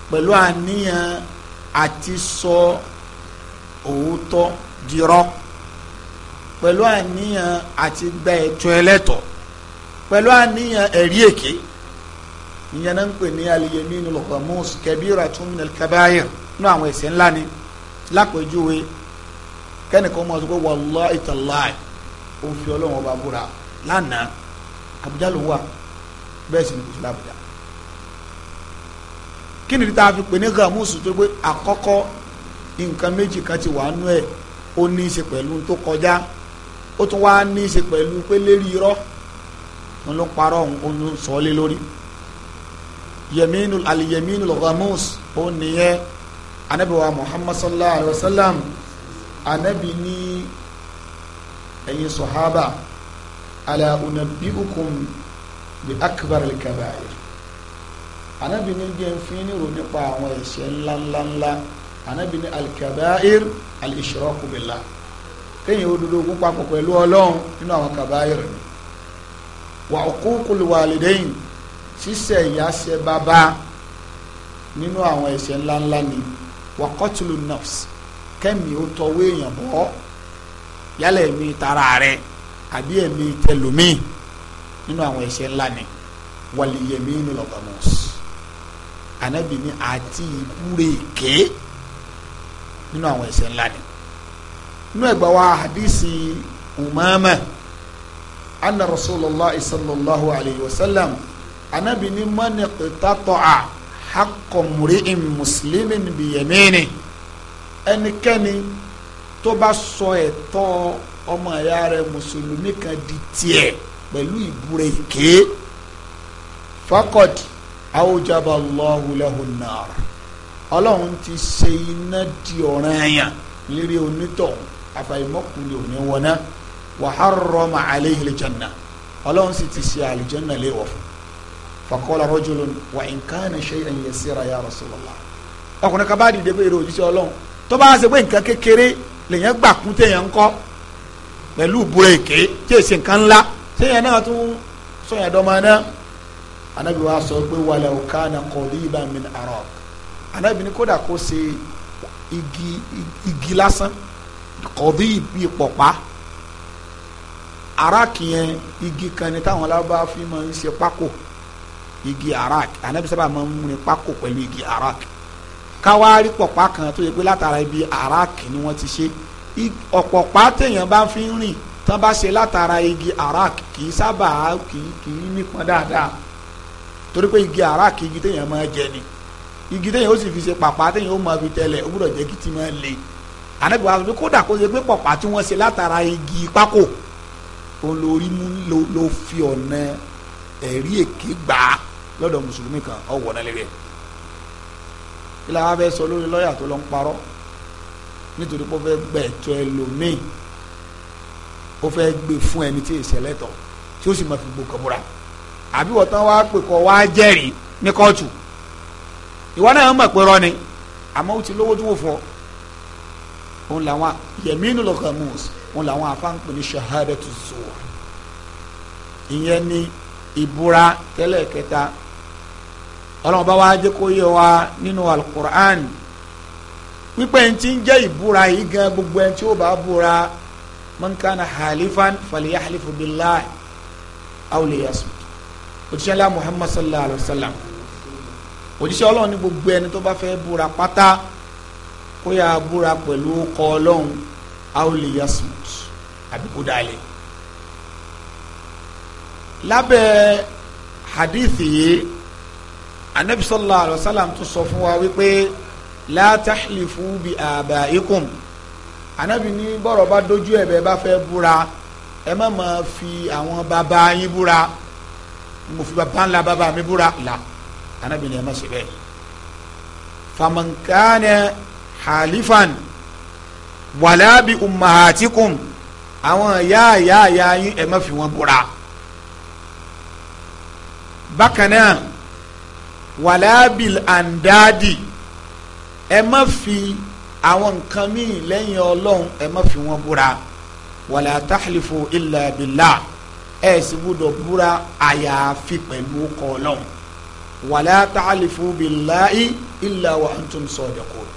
pẹ̀lú àníyàn àti sọ òótọ́ dirọ́ pẹ̀lú àníyàn àti gba ẹ̀tọ́ ẹlẹ́tọ̀ọ́ pẹ̀lú àníyàn ẹ̀rí èké ìyẹn náà ń pè ní al-yaminul ghamus kabiratun minal kabair nú àwọn ẹ̀ṣẹ̀ ńlá ni lápèjúwe kẹ́nìkan mọ̀ ọ́ sọ pé wallahi tallahi òun fi ọlọ́run ọba búra lánàá Àbújá ló wà bẹ́ẹ̀ sì ni kò sí lábújá kí ni tá a fi pè ní gàmúsù tó pé àkọ́kọ́ nǹkan méjì kan ti wà nú ẹ̀ ó ní í ṣe pẹ̀lú tó kọjá ó tún wá ní í ṣe pẹ̀lú pé lérí irọ́ òun ló parọ́ òun ló sọ lé lórí yẹmínú aliyẹmínú lọgàmús ó nìyẹn anabi wa muhammad sallallahu alayhi wa sallam anabi ní ẹ̀yin sọhábà ala unabbi'ukum bi akbar al-kaba'ir anabi ní jẹ́ fi ní ro nípa àwọn ẹ̀ṣẹ̀ ńláńláńlá anabi ní al-kaba'ir al-ishraku billah kéèyàn ó dúdú ogun papọ̀ pẹ̀lú nínú àwọn kaba'ir ni wà uququl walidain ṣíṣẹ̀ ìyá ṣe bàbá nínú àwọn ẹ̀ṣẹ̀ ńláńlá ni wà qatlu nafs kẹ́mi ó tọwọ́ èèyàn bọ́ yálà ẹ̀mí tara rẹ̀ àbí ẹ̀mí tẹlómìn nínú àwọn ẹ̀ṣẹ̀ ńlá ni wal yaminul ghamus anabi ni àti ìbúre èké nínú àwọn ẹ̀ṣẹ̀ ńlá ni nínú ẹgbàá wa hadisi umama anna rasulillah sallallahu alayhi wa sallam anabi ni mani qitata'a haqqa muri'in muslimin biyamini ẹnikẹ́ni tó bá sọ ẹ̀tọ́ ọmọ ìyá rẹ̀ mùsùlùmí kan di tiẹ̀ pẹ̀lú ìbúra èké fakọd awujaba lọhùlẹhùn náà Ọlọ́run ti ṣe iná di ọ̀ràn ẹyàn lérí onítọ̀hún àfàìmọkùnrin òní wọná wa harrama alayhi aljanna ọlọ́run sì ti ṣe aljanna léwọ̀ fún faqala rajulun wa in kana shay'an yasira ya rasulullah ọkùnrin kan bá dìde pé èrè òjíṣẹ́ ọlọ́run tó bá ṣe pé nǹkan kékeré lèyàn gbà kún téèyàn ń kọ́ pẹ̀lú búrẹ́kì tí èsì nǹkan ńlá téèyàn náà tún sọ̀yàn dọ́mọ náà anabi wa sọ pé wàlẹ̀ òkà na kọ̀ọ̀dìbà min arok anabi ni kódà kó ṣe igi igi lásán kọ̀ọ̀dìbì pọ̀pá Araki yẹn igi kan ni táwọn lábá fi máa ń ṣe pákó igi araki ànábi sábà máa ń múni pákó pẹ̀lú igi araki káwárí pọ̀pá kan tó yẹ pé látara ibi araki ni wọ́n ti ṣe ọ̀pọ̀pá téèyàn bá fi ń rìn tán bá ṣe látara igi aráàkì kì í sábà kì í kì í nípọn dáadáa torí pé igi araki igi téèyàn máa jẹ ni igi téèyàn ó sì fi ṣe pàpà téèyàn ó máa fi tẹlẹ̀ ó gbúdọ̀ jẹ́ kí ti máa le ànábi kódà kó ṣe pé pọ̀pá tí wọ́n ṣe látara igi pákó òun ló rí mú ló ló fi ọ̀nà ẹ̀rí èké gbà á lọ́dọ̀ mùsùlùmí kan ọ̀wọ̀ náà lérí ẹ̀ kí la wá fẹ́ sọ lórí lọ́ọ̀yà tó lọ ń parọ́ nítorí pé ó fẹ́ gbà ẹ̀tọ́ ẹlòmíì ó fẹ́ gbé fún ẹni tí èsì ẹlẹ́tọ̀ tí ó sì máa fi gbòkàn búra àbí wọ́n tán wá pè kọ́ wá jẹ́rìí ní kóòtù ìwọ náà mọ̀ pé rọ́ àmọ́ ó ti lówó tó wò fún òun làwọn yẹmínú lọ́kàn mùsùlùmí wọn làwọn afáǹpẹ ní shahadatu zuwa ìyẹn ní ìbúra tẹ́lẹ̀ kẹta ọlọ́run bá wá jẹ́ kó yé wa nínú alukur'an wípé ẹni tí ń jẹ́ ìbúra yìí gan gbogbo ẹni tí ó bá búra man kana halifan falyahlifu billahi aw liyasmut òjíṣẹ́ ńlá muhammad sallallahu alayhi wa sallam òjíṣẹ́ ọlọ́run ní gbogbo ẹni tó bá fẹ́ búra pátá kó yà á búra pẹ̀lú ọkọ̀ ọlọ́run aw liyasmut àbí kó dalẹ̀ lábẹ́ hadithi yìí anabi sallallahu alayhi wa sallam tún sọ fún wa wípé la tahlifu bi abaikum anabi ní bọ́rọ̀ bá dojú ẹ̀ bẹ́ẹ̀ bá fẹ́ búra ẹ má máa fi àwọn bàbá yín búra mo fi bàbá ńlá bàbá mi búra là anabi ní ẹ má ṣe bẹ́ẹ̀ famankane halifan wàlábi umahatikum àwọn ìyá ìyá ìyá yín ẹ má fi wọn búra bákan náà wàlábìl àndáàdì ẹ má fi àwọn nǹkan míì lẹ́yìn ọlọ́run ẹ má fi wọn búra wàlá tahlifu illa billah ẹ sì gbúdọ̀ búra àyàfi pẹ̀lú ọkọ wàlá tahlifu billahi illa wa antum sadiqun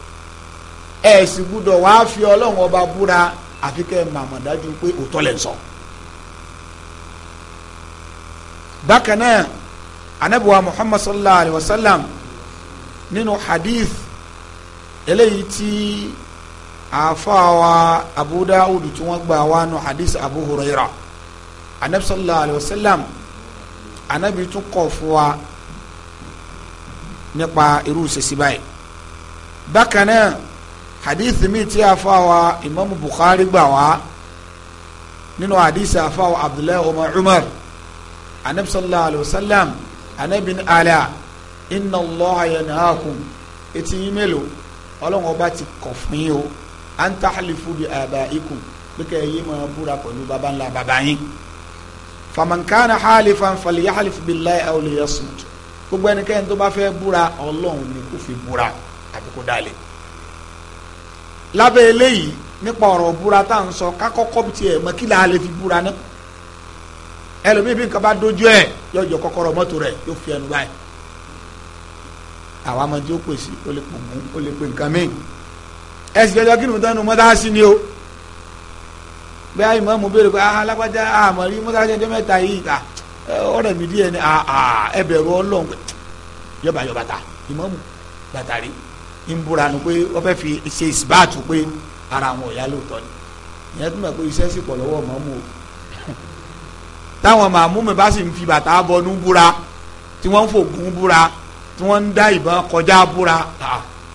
ẹ sì gbúdọ̀ wàá fi ọlọ́run ọba búra àfi kẹ́ ẹ̀ màmá dájú pé òótọ́ lẹ̀ ń sọ. bákan náà anabiwa muhammad sallallahu alayhi wa sallam nínú hadith eléyìí tí àfàwà abu dawud tí wọ́n gbà wá nù hadith abu huraira anabi sallallahu alayhi wa sallam anabi tún kọ̀ fún wa nípa irú sẹ́sì bákan náà hadith mi tí a fa wa imam bukhari gbà wá nínú hadith a fa wa abdullahi umar umar anabi sallallahu alayhi wa sallam anabi ni ala inna allah yanhaakum etí yín mélòó ọlọ́run ọba ti kọ̀ fún yín o an tahlifu bi abaikum bíkẹ́ yín máa búra pẹ̀lú baba ńlá baba yín faman kana halifan falyahlif billahi aw liyasmut gbogbo ẹnikẹ́ni tó bá fẹ́ búra ọlọ́run ni kò fi búra àbíkú dálé lábẹ́ eléyìí nípa ọ̀rọ̀ búra tá à ń sọ kákọ́kọ́ tiẹ̀ mọ́ kí la lè fi búra náà ẹlòmíì bí nǹkan bá dojú ẹ̀ yóò jọ kọ́kọ́rọ́ mọ́tò rẹ̀ yóò fi ẹnu báyìí àwa máa jó pèsè ó lè pò mú ó lè pè nǹkan míì ẹ sì fẹjọ kí ni mo tán nu mọ́tàásì ni o bẹ́ẹ̀ ìmọ̀ mo béèrè pé ah alágbájá àmọ́ rí mọ́tàásì ẹjọ́ mẹ́ta yìí ta ah, ọ̀rẹ́ mi díẹ̀ ni ah, ah, ẹ bẹ̀rù ọlọ́run yọba yọba ta ìmọ̀ mu bàtà rí ń búra ni pé wọ́n fẹ́ fi ṣe ìsìbáàtù pé ara àwọn ọ̀yá lóòótọ́ ni ìyẹn tún bẹ̀ pé iṣẹ́ sì pọ̀ lọ́wọ́ mọ́mú o táwọn màmú mi bá sì ń fi bàtà bọnú búra tí wọ́n ń fògùn búra tí wọ́n ń dá ìbọn kọjá búra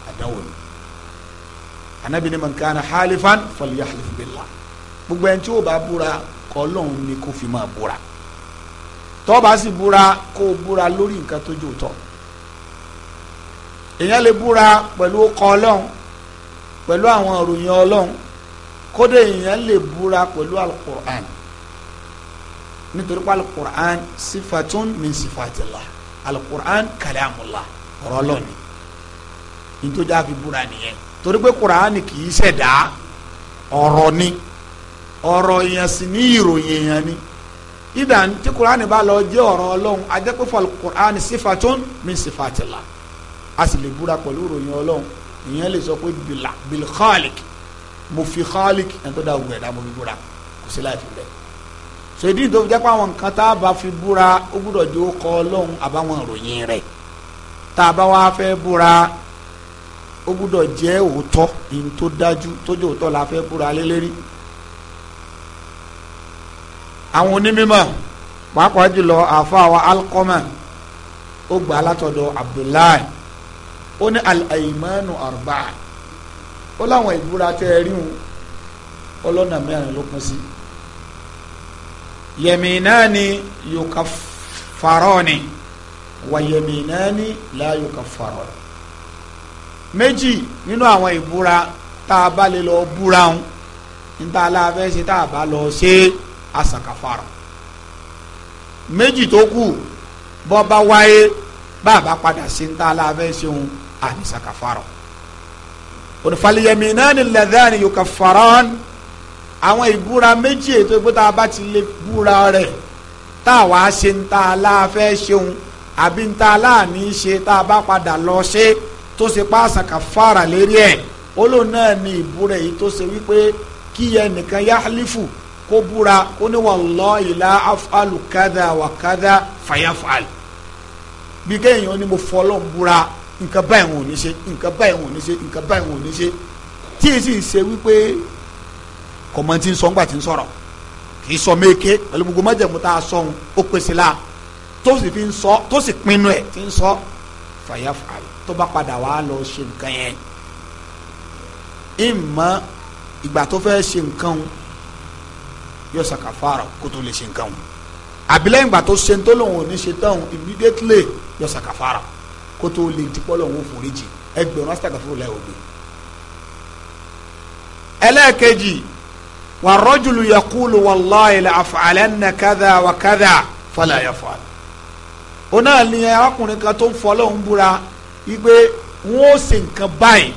àdánwò ni anabi ni man halifan falyahlif billah gbogbo ẹni tí ó bá búra kọ́ lóun ni kó fi máa búra tó bá sì búra kó búra lórí nǹkan tó jòótọ́ èèyàn lè búra pẹ̀lú ọkọ ọlọ́run pẹ̀lú àwọn òròyìn ọlọ́run kódé èèyàn lè búra pẹ̀lú alukur'an nítorí pé alukur'an sifatun min sifatillah alukur'an kalamullah ọ̀rọ̀ lọ́ni nítorí àfi búra nìyẹn torí pé kur'an kì í ṣẹ̀dá ọ̀rọ̀ ni ọ̀rọ̀ èèyàn sì ní ìròyìn èèyàn ni ìdá tí kur'an bá lọ jẹ́ ọ̀rọ̀ ọlọ́run ajẹ́pẹ́fọ́ alukur'an sifatun min sifatillah a sì lè búra pẹ̀lú ìròyìn ọlọ́run ìyẹn lè sọ pé bìlà bìl khalik mo fi khalik ẹni tó dá ògùn ẹ̀dá mo fi búra kò sí láì fi bẹ́ẹ̀ so ìdí tó fi jẹ́ pé àwọn nǹkan tá a bá fi búra ó gbúdọ̀ jó kọ ọlọ́run àbáwọn ìròyìn rẹ̀ tá a bá wá fẹ́ búra ó gbúdọ̀ jẹ́ òótọ́ ìyẹn tó dájú tó òótọ́ la fẹ́ búra lélẹ́rí àwọn onímọ̀ pàápàá jùlọ àfa wa alkọ́mọ̀ ó gbà látọ̀dọ̀ abdullahi ó ní al-aymanu arba'a ó láwọn ìbúra tẹ́ ẹ rí wọn ọlọ́nà mẹ́rin ló pín sí yaminani yukaffarani wa yaminani la yukaffarani méjì nínú àwọn ìbúra tá a bá lè lọ búra wọn níta aláfẹ́ ṣe tá a bá lọ ṣe àsàkàfàrà méjì tó kù bọ́ bá wáyé bá a bá padà ṣe níta aláfẹ́ ṣe òun àní sàkàfàrà òní falẹ̀yẹmínà ni lẹ́dẹ́ni yóò kà fara àwọn ìbúra méjì ètò ìgbó tá a bá ti lè búra rẹ̀ tá a wàá ṣe ń ta aláfẹ́ ṣeun àbí ń ta aláàní ṣe tá a bá padà lọ ṣe tó ṣe pa sàkàfàrà lérí ẹ̀ olóòn náà ni ìbúra èyí tó ṣe wípé kí ẹnìkan yáhálífù kó búra ó ní wallahi la af'alu kadha wa kadha fayaf'al bí kéèyàn ni mo fọlọ́ ń búra nǹkan báyìí wọn ò ní ṣe nǹkan báyìí wọn ò ní ṣe nǹkan báyìí wọn ò ní ṣe tí e sì ṣe wípé kọ̀mọ́ ti ń sọ ńgbà tí ń sọ̀rọ̀ kì í sọ méke pẹ̀lú gbogbo májẹ̀mú tá a sọ ohun ó pèsè la tó sì fi ń sọ tó sì pinnu ẹ̀ ti ń sọ fàyà tó bá padà wá lọ ṣe nǹkan yẹn ìmọ̀ ìgbà tó fẹ́ ṣe nǹkan yóò ṣàkàfàrà kó tó lè ṣe nǹkan àbílẹ̀ ìgbà tó ṣe tó lòun ò ní ṣe tán immediately yóò ṣàkàfàrà kó tó lè dipọ́ lọ́wọ́ foríjì ẹgbẹ̀rún asítàgàfọ́ láì ògbé. ẹlẹ́ẹ̀kejì wà rọ́jùlù yakulu wàláyé la àfàlẹ́nà kádà wà kádà fọlá yàfọ́. ó náà ní arákùnrin kan tó ń fọlọ́ ń búra wípé wọ́n ó ṣe nǹkan báyìí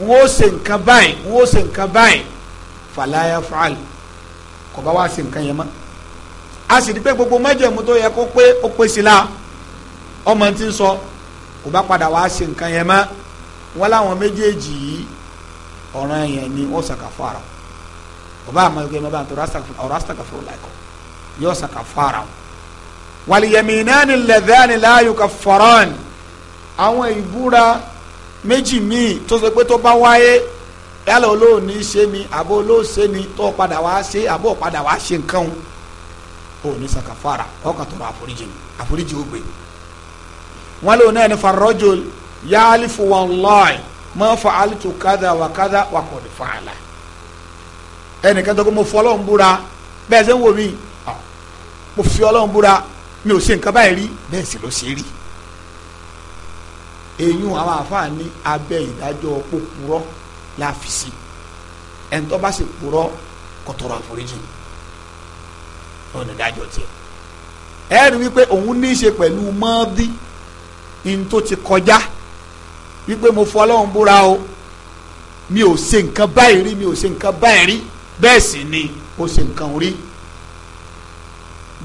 wọ́n ó ṣe nǹkan báyìí wọ́n ó ṣe nǹkan báyìí fọlá yàfọ́ àlè kò bá nǹkan yẹn mọ́ a sì rí pé gbogbo májẹ̀mú tó yẹ kó pé ó pèsè la ọmọ tí ń sọ kò bá padà wá ṣe nǹkan yẹn mọ́ wọn láwọn méjèèjì yìí ọ̀ràn yẹn ni wọ́n ṣàkàfàrà ọba àmọ́ ẹgbẹ́ mẹ́bàá tó ọ̀rọ̀ àṣàkàfàrà láìkọ́ yóò ṣàkàfàrà wàlìyẹmìnánì lẹ́dẹ́ánì láàyò kàfàrán àwọn ìbúra méjì míì tó ṣe pé tó bá wáyé yálà olóòní ṣe ni àbó olóòṣe ni tó padà wá ṣe àbó padà wá ṣe nǹkan ò ní ṣàkàfàrà ọkàn àforíjì àforíjì ó wọn lò náà ní farajul yaalifu wallahi ma fa'altu kada wa kada wa qad fa'ala ẹnìkan tó kọ́ mo fọlọ́ ń búra bẹ́ẹ̀ sẹ́ ń wò mí mo fi ọlọ́run búra mi ò ṣe nǹkan báyìí rí bẹ́ẹ̀ sì ló ṣe rí eyín àwọn àfáà ní abẹ́ ìdájọ́ pòpùrọ́ la fi sí ẹni bá sì purọ́ kó àforíjì ọ̀nà ìdájọ́ tiẹ̀ ẹ rí wípé òun ní í ṣe pẹ̀lú mọ́ọ́dí in tó ti kọjá wípé mo fọ ọlọ́run búra o mi ò ṣe nǹkan báyìí rí mi ò ṣe nǹkan báyìí rí bẹ́ẹ̀ sì ni ó ṣe nǹkan rí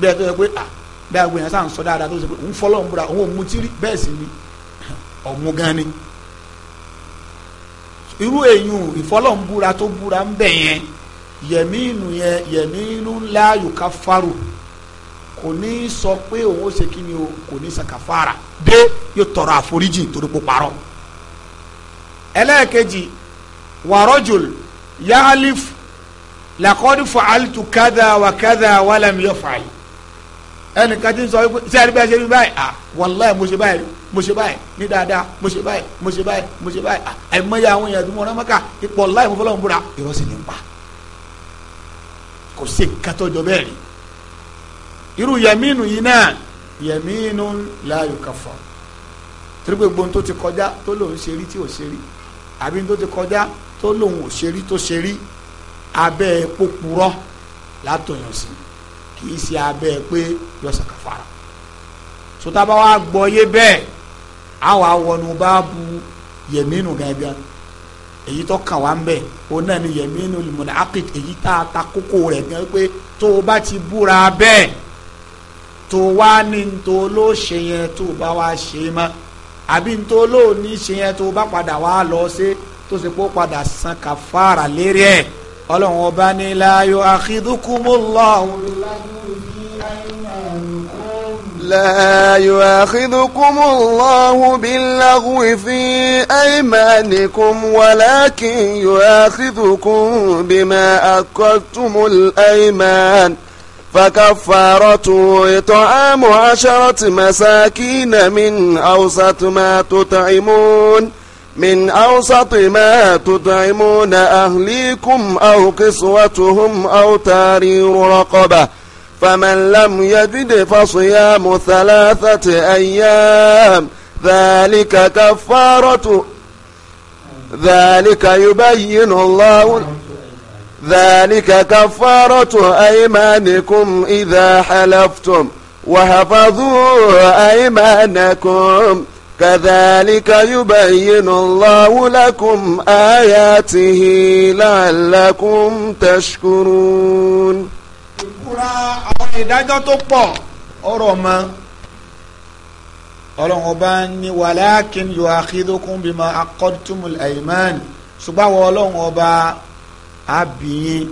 bẹ́ẹ̀ tó yẹ pé ah bí agbo yẹn sáà ń sọ dáadáa tó ṣe pé òun fọ ọlọ́run búra òun ò mutí rí bẹ́ẹ̀ sì ni ọ̀mú gan ni irú èyàn ìfọlọ́nbúra tó búra ń bẹ̀ yẹn yẹ̀mí inú yẹn yẹ̀mí inú ńlá yòókà fárò kò ní sọ pé òun ó ṣe kí ni o kò ní sàkàfàrà dé yóò tọrọ àforíjì torí kó parọ́ ẹlẹ́ẹ̀kejì wàrọ́jùl yahalif làkọ́dí fàáltù kádà wà kádà wà lẹ́mu yóò fàálì ẹnìkan tí ń sọ wípé sẹ́yìn bẹ́ẹ̀ ṣe rí báyìí ah wàláì mo ṣe báyìí mo ṣe báyìí ní dáadáa mo ṣe báyìí mo ṣe báyìí mo ṣe báyìí ah àìmọye àwọn èèyàn tó mọ ọlọ́mọ́ká ipò ọ̀la ìmọ̀fọ́lọ́mùbúra ìrọ́sìn ní ń pa kò sí nǹkan tó jọ bẹ́ẹ̀ rí irú yẹmínú yìí náà yẹmínú láàyò kàfọ torí pé gbóhùn tó ti kọjá tó lòun ṣe rí tí ò ṣe rí àbí tó ti kọjá tó lòun ò ṣe rí tó ṣe rí abẹ́ epo purọ́ látọ̀yàn sí kì í ṣe abẹ́ pé yọ̀sà kàfàrà sotaba wa gbọ́ yé bẹ́ẹ̀ àwa wọnú báàbù yẹmínú gẹ́gẹ́ èyí tó kàn wá ń bẹ̀ ó náà ni yẹmínú lùmọ̀nà àkìtì èyí tá a ta kókó rẹ̀ gan pé tó o bá ti búra bẹ́ẹ̀ tó wá ní ntò ló ṣe yẹn tó bá wá ṣe mọ́ àbí ntò ló ní ṣe yẹn tó bá padà wá lọ ṣe tó ṣe pé padà san kàfàrà lérí ẹ̀ ọlọ́run ọba ní láyọ̀ àkìdúkúmọ́lọ́hùn لا يؤاخذكم الله باللغو في أيمانكم ولكن يؤاخذكم بما أقدتم الأيمان فكفارته إطعام عشرة مساكين من أوسط ما تطعمون من أوسط ما تطعمون أهليكم أو كسوتهم أو تارير رقبة فمن لم يجد فصيام ثلاثة أيام ذلك كفارة ذلك يبين الله ذلك كفارة أيمانكم إذا حلفتم وحفظوا أيمانكم كذلك يبين الله لكم آياته لعلكم تشكرون ìbúra àwọn ìdájọ́ tó pọ̀ ọ̀rọ̀ mọ́ ọlọ́run ọba ní walakin yu'akhidukum bima aqadtumul ayman ṣùgbọ́n àwọn ọlọ́run ọba á bì yín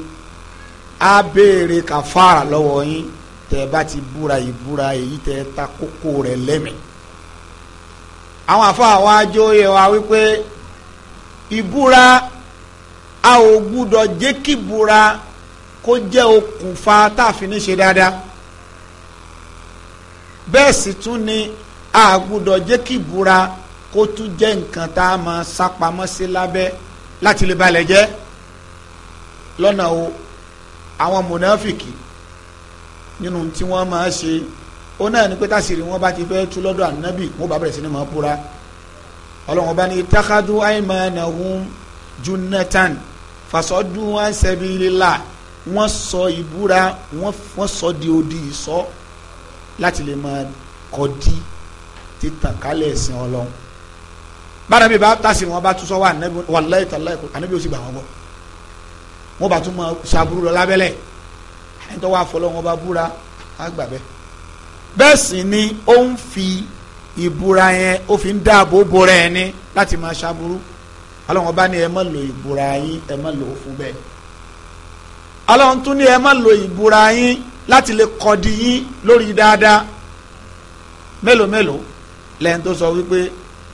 á béèrè kàfàrà lọ́wọ́ yín tẹ́ ẹ bá ti búra ìbúra èyí tẹ́ ẹ ta kókó rẹ̀ lẹ́mìí. àwọn àfa àwọn ajó yẹ wa wípé ìbúra a ò gbúdọ̀ jẹ́ kí ìbúra kó jẹ́ okùnfà tá ní ṣe dáadáa bẹ́ẹ̀ sì tún ni a gbúdọ̀ jẹ́ kí ìbúra kó tún jẹ́ nǹkan tá a máa sápamọ́ sí lábẹ́ láti lè balẹ̀ jẹ́ lọ́nà o àwọn mùnáfìkì nínú tí wọ́n máa ṣe ó náà ní pé tásìrì wọn bá ti fẹ́ tú lọ́dọ̀ ànábì wọn bá bẹ̀rẹ̀ sí ni máa búra ọlọ́run bá ní takadu aymanahum junnatan fasọ́dú wọn sabilillah wọ́n sọ ìbúra wọ́n sọ di odi ìsọ́ láti lè máa kọ́ di títàn kálẹ̀ ẹ̀sìn ọlọ́run bá ànábì bá tásìrì wọn bá tú sọ́wọ́ ànábì wallahi tallahi ànábì ó sì gbà wọ́n gbọ́ wọn bá tún máa ṣàbúrú lọ lábẹ́lẹ̀ ẹni tó wà fọlọ́ wọn bá búra á gbà bẹ́ẹ̀. bẹ́ẹ̀ sì ni ó ń fi ìbúra yẹn ó fi ń dáàbò bora ẹni láti máa ṣàbúrú ọlọ́run bá ní ẹ má lo ìbúra yín ẹ má lò ó fún bẹ́ẹ̀. ọlọ́run tún ní ẹ má lo ìbúra yín láti lè kọ́dí yín lórí dáadáa mélòó mélòó lẹ́yìn tó sọ wípé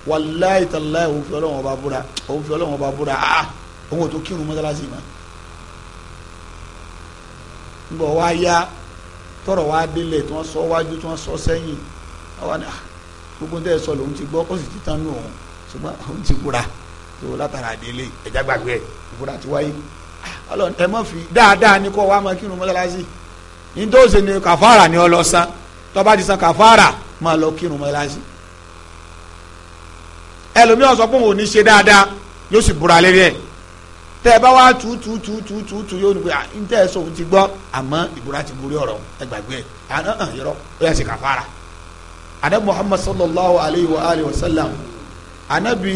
wàláìtàláì òun fi ọlọ́run ọba búra òun fi ọlọ́run ọba búra ah òun ò tó kírun mọ́tálásí mọ́ nbọ wá yá tọrọ wá délẹ̀ tí wọ́n sọ wájú tí wọ́n sọ sẹ́yìn àwa ni ah, gbogbo ń tẹ́ sọ lòun ti gbọ́ ó sì ti tán nù òun ṣùgbọ́n (laughs) òun ti kúra tó látara délé ẹ̀já gbàgbé ìkúra ti wáyé ah, ọlọ́run ẹ fi dáadáa ní kọ́ wa máa kírun mọ́sálásí ní tó ṣe ni kàfàrà ni ọlọ́sàn tó bá ti san kàfàrà máa lọ kírun mọ́sálásí ẹlòmíràn sọ pé òun ò ní ṣe dáadáa yóò sì búra lérí ẹ̀ tẹ́ ẹ bá wá tu tu tu tu tu tu yóò ní pé n tẹ́ ẹ sọ òun ti gbọ́ àmọ́ ìbúra ti borí ọ̀rọ̀ ẹ gbàgbé ẹ àná hàn yọrọ ó yà sí kàfàrà. àná Muhammad sallallahu alayhi wa alayhi wa sallam ànábì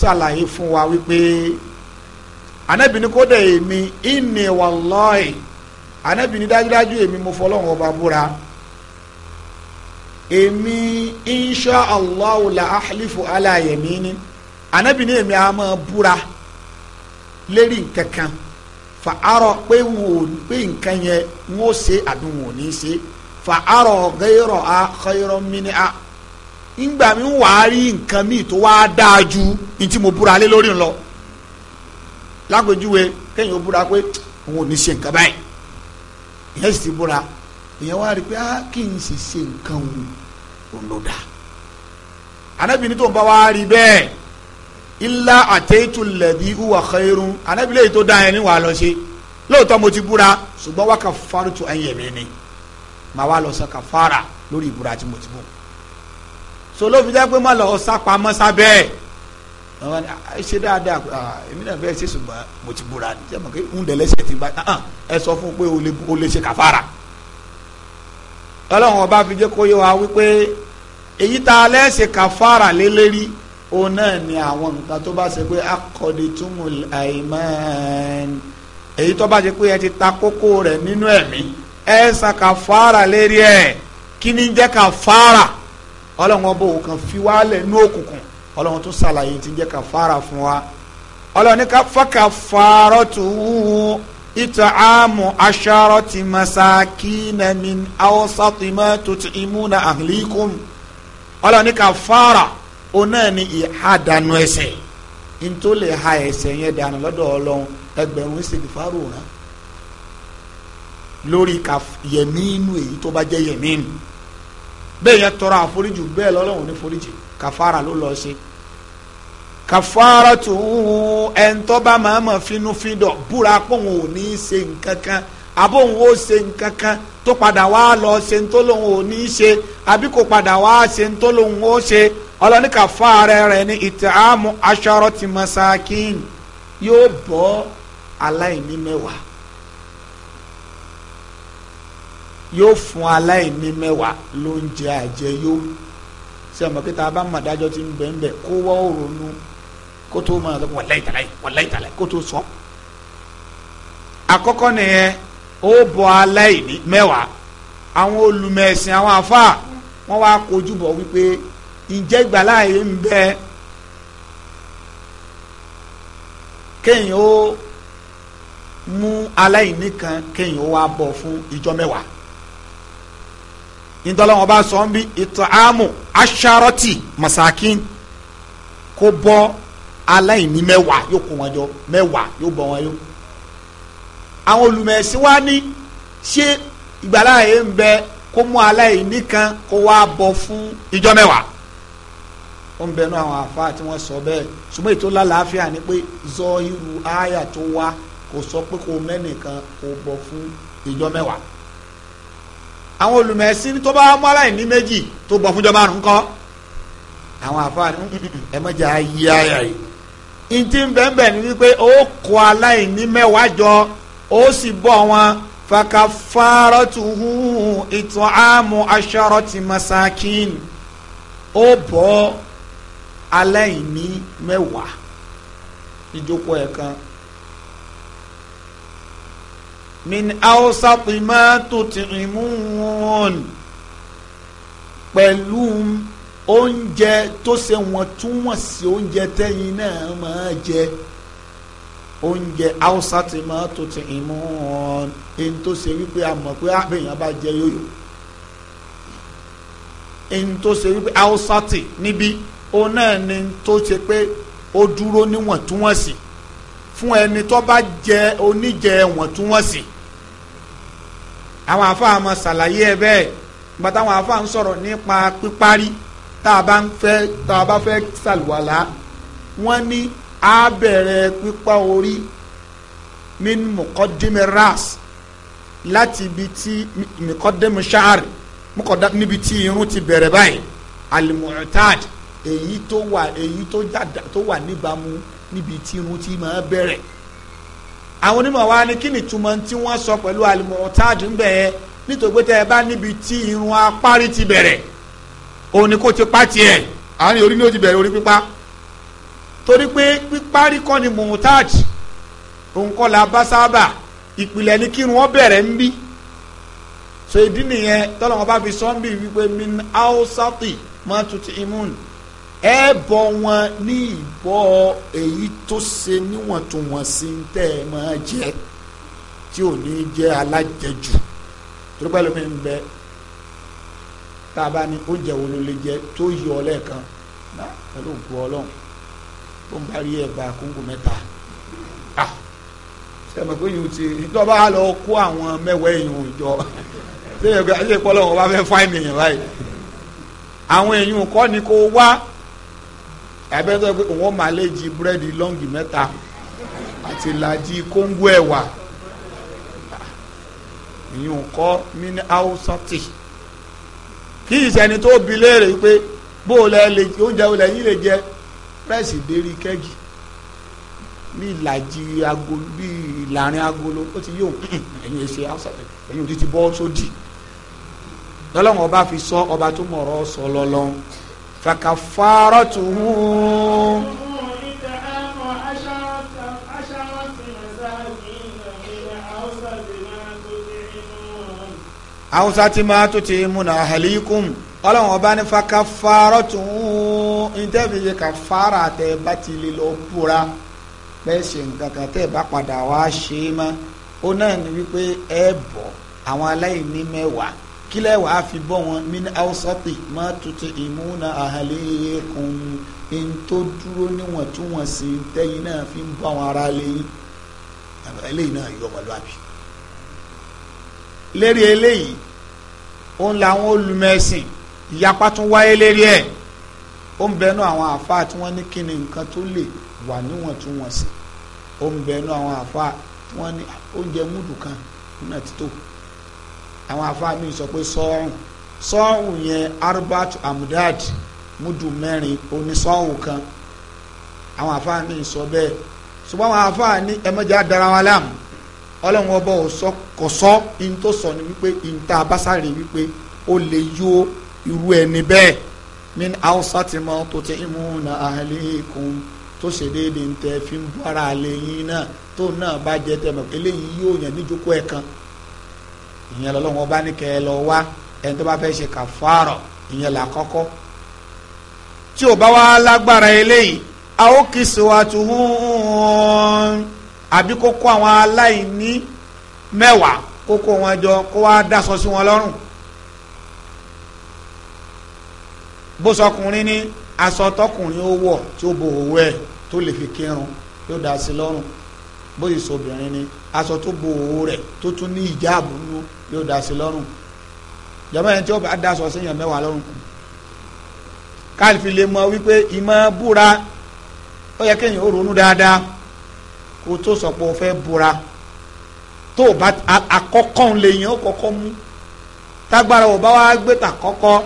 sàlàyé fún wa wípé ànábì ní kódà èmi ìní wàlọ́ọ̀ì ànábì ní dájúdájú èmi mo fọlọ́hún ọba búra èmi insha allahu la ahlifu ala yamini ànábì ní èmi àmọ́ búra lérí nǹkan kan fa arọ pé wò pé nǹkan yẹn ń ó ṣe àbí wò ní ṣe fa arọ gẹ́rọ a xeyọrọ mini a ńgbà mi wà á rí nǹkan míì tó wá dáa ju ní tí mo búra lé lórí lọ lágbèjúwe kéèyàn ó búra pé òun ò ní ṣe nǹkan báyìí ìyẹn sì ti búra ìyẹn wá rí i pé á ah, kí n sì ṣe nǹkan òun ò lò dáa anábìíní tó ń bá wá rí bẹ́ẹ̀ ilá àtẹ́tù lẹ̀dí ìwà xeyrún anábìlẹ̀ yìí tó dá yẹn ní wàá lọ ṣe lóòótọ́ mo ti búra ṣùgbọ́n wà ká fárútu ẹ̀yẹ̀ mi ni màá wá lọ sọ ká fara lórí ìbúra tí mo ti bú so ló fi jẹ́ pé má lọ sápamọ́ sábẹ́ ẹ̀ ah, ṣe dáadáa ah, èmi náà fẹ́ ṣe ṣùgbọ́n mo ti búra ní jẹ́ mọ̀ pé ń dẹ̀lẹ́sẹ̀ ti bá ah, ẹ sọ fún pé o lè ṣe kàfàrà ọlọ́run ọba fi jẹ́ kó yé wa wípé èyí tá a lè ó náà ni àwọn nǹkan tó bá ṣe pé akọ̀dé túmọ̀ àìmọ́ẹ́n èyí tó bá ṣe pé ẹ ti ta kókó rẹ̀ nínú ẹ̀mí ẹ san fara lérí ẹ̀ kí ni jẹ́ kàfàrà ọlọ́run ọba òun kan fi wálẹ̀ ní òkùnkùn ọlọ́run tó ṣàlàyé ti jẹ́ kàfàrà fún wa ọlọ́run ní ká fàkàfàrọ̀ tó wúwo itaamu asharati masakina min awsati ma tut'imuna ahlikum ọlọ́ni kàfàrà òun náà ni ìhà dànù ẹ̀ṣẹ̀ ntó lè ha ẹ̀ṣẹ̀ yẹn dànù lọ́dọ̀ Ọlọ́run ẹgbẹ̀rún ìsèkìfàrò rán lórí ka yẹmí inú èyí tó bá jẹ yẹmí inú bẹ́ẹ̀ yẹn tọrọ àforíjì bẹ́ẹ̀ lọ́lọ́run ní foríjì kàfàrà ló lọ sí kàfàrà tó ẹ̀ńtọ́ bá máa mọ̀ fínúfíndọ̀ búra pọ̀n ò ní í ṣe nǹkan kan àbó òun ó ṣe tó padà wá lọ ṣe ń ò ní í ṣe àbí kò padà wá ṣe ń tó lóun ó ọlọ́ni kàfàrà rẹ̀ ní ìtààmú asharati masakin yóò bọ́ aláìní mẹ́wàá yóò fún aláìní mẹ́wàá lóúnjẹ àjẹyó ṣé ọmọ kí tá a bá mọ̀ dájọ́ ti ń bẹ̀ ń bẹ̀ kó wọ́ òrònú kó tó mọ̀ ọ́ wọ̀lẹ́ ìtàlẹ́ wọ̀lẹ́ ìtàlẹ́ kó tó sọ. àkọ́kọ́ nìyẹn ó bọ aláìní mẹ́wàá àwọn olùmẹ̀sìn àwọn àfáà wọ́n wá kojú bọ̀ wípé ǹjẹ́ gbàláàyè ń bẹ kéèyàn ó mú aláìní kan kéèyàn ó wá bọ̀ fún ìjọ mẹ́wàá ìdọ́lọ́wọ́n bá sọ ń bí ìtààmù aṣárọ́tì masakin kó bọ́ aláìní mẹ́wàá yóò kó wọn jọ mẹ́wàá yóò bọ́ wọn yó àwọn olùmẹ̀sìn wá ní ṣé ìgbàláàyè ń bẹ kó mú aláìní kan kó wá bọ̀ fún ìjọ mẹ́wàá ó ń bẹnu àwọn àfáà tí wọ́n sọ bẹ́ẹ̀ ṣùgbọ́n ètò lálàáfíà ni pé zọ irú àyà tó wá kò sọ pé kò mẹ́nìkan kò bọ̀ fún ìjọ mẹ́wàá àwọn olùmẹ̀sìn tó bá mú aláìní méjì tó bọ̀ fúnjọ márùn kọ́ àwọn àfáà ní mm, ẹ mọ̀jà ayé àyà yìí ntí ń bẹ́ẹ̀ ni wípé ó kọ aláìní mẹ́wàá jọ ó sì bọ̀ wọn fakafaratuhu it'amu asharati masakin ó bọ̀ ọ́ aláìní mẹ́wàá ìjókòó ẹ̀kan min awsati ma tut'imun pẹ̀lú oúnjẹ tó ṣe wọ́n túwọ̀n sí oúnjẹ tẹ́yin náà máa jẹ oúnjẹ awsati ma tut'imun èyí tó ṣe wípé a mọ̀ pé àbẹ̀yàn ah, bá jẹ yóyò èyí tó ṣe wípé awsati níbí òun náà ni tó ṣe pé ó dúró níwọ̀ntúnwọ̀nsì fún ẹni tó bá jẹ oníjẹ wọ̀ntúnwọ̀nsì àwọn àfáà máa ṣàlàyé ẹ bẹ́ẹ̀ nígbà táwọn àfáà ń sọ̀rọ̀ nípa píparí tá a bá ń fẹ́ tá a bá fẹ́ ṣàlùwàlá wọ́n ní á bẹ̀rẹ̀ pípa orí min mọ̀kọ́dẹ́mi ras láti ibi tí mọ̀kọ́dẹ́mi ṣáàrì mọ̀kọ́dá níbi tí irun ti bẹ̀rẹ̀ báyìí alimu'tad èyí tó wà èyí tó jáde tó wà níbàámu níbi tí irun bẹ̀rẹ̀ àwọn onímọ̀ wa ni kí ni túmọ̀ tí wọ́n sọ pẹ̀lú àlùmọ̀táàdì ń bẹ̀ yẹn nítorí pé tẹ́ ẹ bá níbi tí irun apárí ti bẹ̀rẹ̀ òun ni kò ti pa tiẹ̀ àárín orí ni ó ti bẹ̀rẹ̀ orí pípa torí pé píparí kọ́ ni mọ̀táàdì òun kọ́ la bá sábà ìpìlẹ̀ ni kírun ó bẹ̀rẹ̀ ń bí so ìdí nìyẹn tọ́lọ́mọba fi sọ́ńbì wípé min hausati mọ́tutù imun ẹ bọ wọn ní ìbọ èyí tó ṣe níwọ̀ntúnwọ̀nsí tẹ́ ẹ máa jẹ tí ò ní jẹ́ alájẹjù torí pẹ́ lómi ń bẹ tá a bá ní oúnjẹ wo ló lè jẹ tó yí ọ lẹ́ẹ̀kan pẹ̀lú òkú ọlọ́run tó ń bá rí ẹ̀bà kóńgò mẹ́ta sẹ́mi pé yìí ti ìjọba lọ kó àwọn mẹ́wàá èèyàn ìjọ sẹ́yìn pé ayé pọ́lọ́wọ́n bá fẹ́ fáìnì yẹn báyìí àwọn èèyàn kọ́ ni kó wá abẹ́tọ́ pé òun máa lè jí búrẹ́dì lọ́ngì mẹ́ta àti ìlàjì kóńgó ẹ̀wà ìyún kọ́ mini hausati kí ìsẹ́ni tó bi léèrè pé bó o lẹ lè oúnjẹ o lẹ yín lè jẹ pẹ́ẹ́sì dérí kẹ́gì bí ìlàjì agolo bí ìlàrin agolo ó ti yóò ẹ̀yin ẹ̀ ṣe hausati ẹ̀yin ti ti bọ́ sódì lọ́lọ́run fi sọ ọba tó mọ̀ ọ̀rọ̀ sọ lọ́lọ́run. فكفارته awusa ti ma tó ti múna ahalikum ọlọ́run ọba ní faka fara tún ntẹ́bi yìí ka fara tẹ bá ti lè lọ búra bẹ́ẹ̀ ṣe nǹkan kan tẹ́ bá padà wá ṣe é ó náà ní wípé ẹ bọ̀ àwọn aláìní mẹ́wàá kílẹ̀ wàá fi bọ́ wọn min awsati ma tuti imuna ahalekum n tó dúró níwọ̀ntúnwọ̀nsì tẹ́yìn náà fi ń bọ́ àwọn ará lẹ́yìn eléyìí náà yọ ọmọlúwàbí lérí eléyìí òun làwọn olùmẹ̀sìn ìyapa tún wáyé lérí ẹ̀ ó ń bẹnu àwọn àáfàá tí wọ́n ní kí ni nǹkan tó lè wà níwọ̀ntúnwọ̀nsì ó ń bẹnu àwọn àáfàá tí wọ́n ní oúnjẹ múdù kan náà ti àwọn afáàmì sọ pé sọ́ọ̀rùn sọ́ọ̀rùn yẹn arbat amdad mudu mẹ́rin onísọ́ọ̀rùn kan àwọn afáàmì sọ bẹ́ẹ̀ ṣùgbọ́n àwọn afáàní ẹ̀mẹ́jà dara wọn láàmú ọlọ́run ọba ọ̀sọ́ kò sọ in tó sọ ni wípé in tá a bá sáré wípé ó lè yó irú ẹni bẹ́ẹ̀ ní haúsá ti mọ tó ti mú na ahlikum tó ṣe déédéé ń tẹ fi ń bọ́ ara àlè yín náà tó náà bá jẹ tẹ mọ̀ eléyìí yóò yàn níjókòó ẹ̀ kan ìyẹn lọ́lọ́wọ́ bá ní kẹ́ ẹ lọ wá ẹni tó bá fẹ́ ṣe kàfàrọ̀ ìyẹn là kọ́kọ́ tí ò bá wá lágbára eléyìí a ó kì í sèwà tó hùn àbí kó kó àwọn aláìní mẹ́wàá kó kó wọn jọ kó wá dáṣọ sí wọn lọ́rùn bó ní aṣọ ó wọ̀ tí ó bo òwú ẹ̀ tó lè fi kírun yóò dá sí lọ́rùn bó sobìnrin ni aṣọ tó bo òwò rẹ̀ tó tún ní ìjáàbù nínú yóò dà sí lọ́rùn jọba yẹn tí ó bá daṣọ séèyàn mẹ́wàá lọ́rùn kù káàlìfì lè mọ wípé ìmọ̀ búra ó yẹ kéèyàn ó ronú dáadáa kó tó sọ o fẹ́ búra tó o bá àkọ́kọ́ ń lè yẹn ó kọ́kọ́ mú tágbára ò bá wá gbé tà kọ́kọ́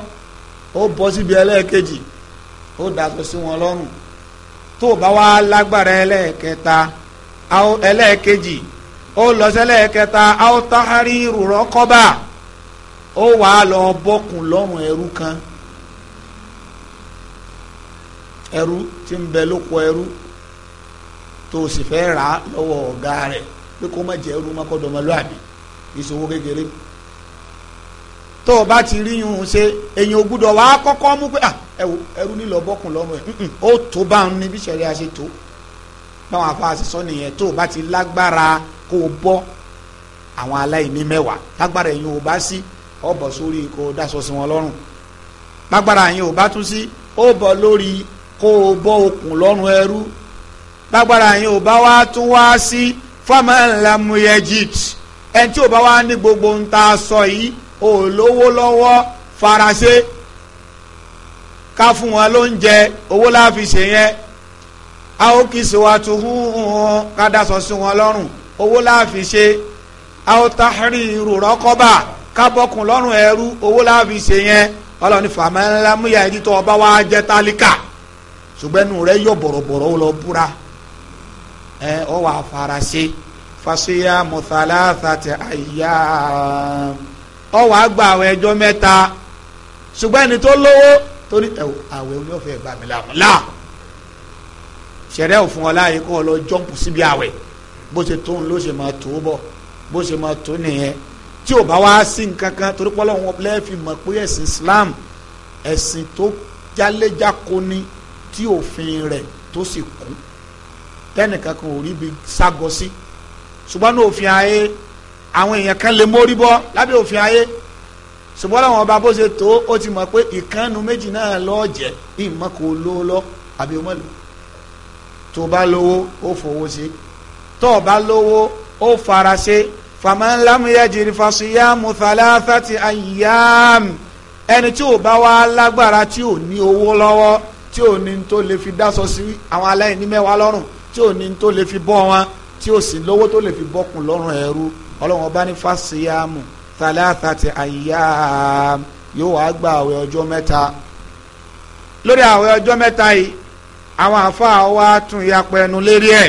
ó bọ́ síbi ẹlẹ́ẹ̀kejì ó daṣọ sí wọn lọ́rùn tó bá wá lágbára ẹlẹ́ẹ̀kẹta ẹlẹ́ẹ̀kejì ó lọ sẹ́lẹ̀ kẹta autahari rọ́kọ́bà ó wàá lọ bọ́kùn lọ́rùn ẹrú kan ẹrú ti ń bẹ lóko ẹrú tó o sì fẹ́ rà á lọ́wọ́ ọ̀gá rẹ̀ pé kó má jẹ́ ẹrú ìṣòwò kékeré tó o bá ti rí yún un ṣe èyàn ò wàá kọ́kọ́ mú pé ẹrú nílò bọ́kùn lọ́rùn ẹ̀ ó tó báwọn afáàsì sọ nìyẹn tó o bá ti lágbára kó o bọ́ àwọn aláìní mẹ́wàá lágbára yìí o bá sí ọ bọ̀ sórí kó o dáṣọ sí wọn lọ́rùn lágbára yìí o bá tún sí ó bọ̀ lórí kó o bọ́ okùn lọ́rùn ẹrú lágbára yìí o bá wá tún wá sí famanlamu egypt ẹni tí o bá wá ní gbogbo ń sọ yìí o lówó lọ́wọ́ faransé ká fún wọn lóúnjẹ owó láfi ṣe yẹn àwọn kì í ṣe wá tu hùwùn ká daṣọ sí wọn lọ́rùn owó láàfin ṣe àwọn tahiri rúrọ́ kọ́bà ká bọ́kùn lọ́rùn ẹrú owó láàfin ṣe yẹn ọlọ́ni fàmà ńlá múyà ẹni ọba wa jẹ́ tálíkà ṣùgbọ́n inú yọ bọ̀rọ̀bọ̀rọ̀ lọ búra ẹ ọ wà faraṣe fasiya mùsàlàsà tẹ àyà ọ wà gba àwọn ẹjọ́ mẹ́ta ṣùgbọ́n ẹni tó lówó torí ẹ̀wọ̀ àwẹ̀ oníyọ̀fẹ́ gbàmìlà mọ́lá sẹ̀rẹ́ òfin ọlá yìí kọ́ lọ jọ́ǹpù síbi àwẹ̀ bó ṣe tó ń ló ṣe máa tó bọ̀ bó ṣe máa tó nìyẹn tí ò bá wá sí nǹkan kan torí pọ́lọ́ wọn lẹ́ẹ̀fì mọ̀ pé ẹ̀sìn Islam ẹ̀sìn tó jálẹ́jáko ni tí òfin rẹ̀ tó sì kú tẹ́nìkan kan ò rí bi ságọ sí ṣùgbọ́n ní òfin ayé àwọn èèyàn kan lè mórí bọ́ lábẹ́ òfin ayé ṣùgbọ́n làwọn ọba bó ṣe tó ó ti mọ̀ pé ìkànnù méjì náà lọ́ọ́ jẹ́ ìmọ̀kò ló lọ àbí ọmọ tó bá lówó ó fowó sí tó o bá lówó ó fara ṣe faman lam yajiri fasiyamu thalathati ayyam ẹni tí ò bá wá lágbára tí ò ní owó lọ́wọ́ tí ò ní tó lè fi dáṣọ sí àwọn aláìní mẹ́wàá lọ́rùn tí ò ní tó lè fi bọ́ wọn tí ò sì lówó tó lè fi bọ́kùn lọ́rùn ẹ̀rú ọlọ́run ọba ní fasiyamu thalathati ayyam yóò wá gba àwẹ̀ ọjọ́ mẹ́ta lórí àwẹ̀ ọjọ́ mẹ́ta yìí àwọn àáfàá wa tún yapẹ ẹnu lérí ẹ̀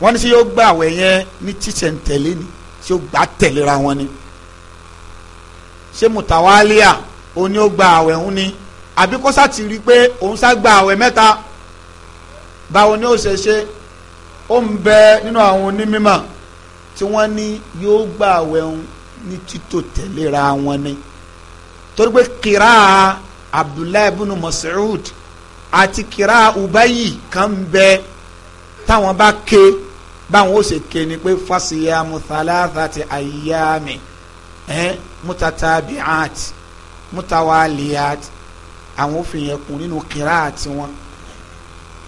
wọ́n ní sí yóò gbà àwẹ̀ yẹn ní títẹ̀ǹtẹ̀lé ni sí yóò gbà tẹ̀léra wọn ni ṣé mùtàwálíà òní ó gba àwẹ̀ òun ni àbí kó sá ti rí i pé òun sá gba àwẹ̀ mẹ́ta báwo ni ó ṣe ṣe ó ń bẹ nínú àwọn onímọ̀ tí wọ́n ní yóò gba àwẹ̀ òun ní títò tẹ̀léra wọn ni torí pé kira Abdullahi ibn Mas'ud àti kira ubayi kan bẹ táwọn bá ké báwọn ó ṣe ké ni pé fasiya muthalatha ti ayami ẹ mutatabiat mutawaliat àwọn òfin yẹn kún nínú kira tiwọn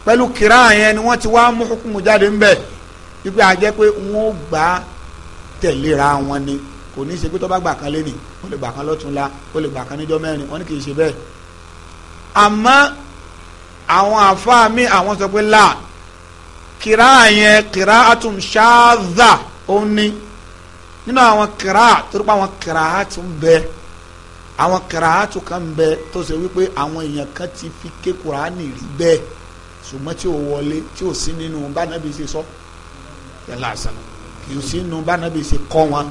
pẹ̀lú kira yẹn ni wọ́n ti wá mú jáde ńbẹ̀ ibi àjẹ́ pé wọ́n gbà tẹ̀léra wọn ni kò ní í ṣe pé tó bá gbà kan lé ní ó lè gbà kan lọ́tún la ó lè gbà kan níjọ́ mẹ́rin wọ́n ní kì í ṣe bẹ́ẹ̀ àmọ́ àwọn àfáà mi àwọn sọ pé là kìrá yẹn kìrá atum ṣáàdà ó ní nínú àwọn kira torí pé àwọn kìrá tún bẹ àwọn kìrá tún kàn bẹ tó ṣe wípé àwọn èèyàn kan ti fi ké kuraani rí bẹ́ẹ̀ ṣùgbọ́n tí ò wọlé tí ò sí nínú bánabi ṣe sọ yàrá àṣàlọ kì í sí nínú bánabi ṣe kọ́ wọn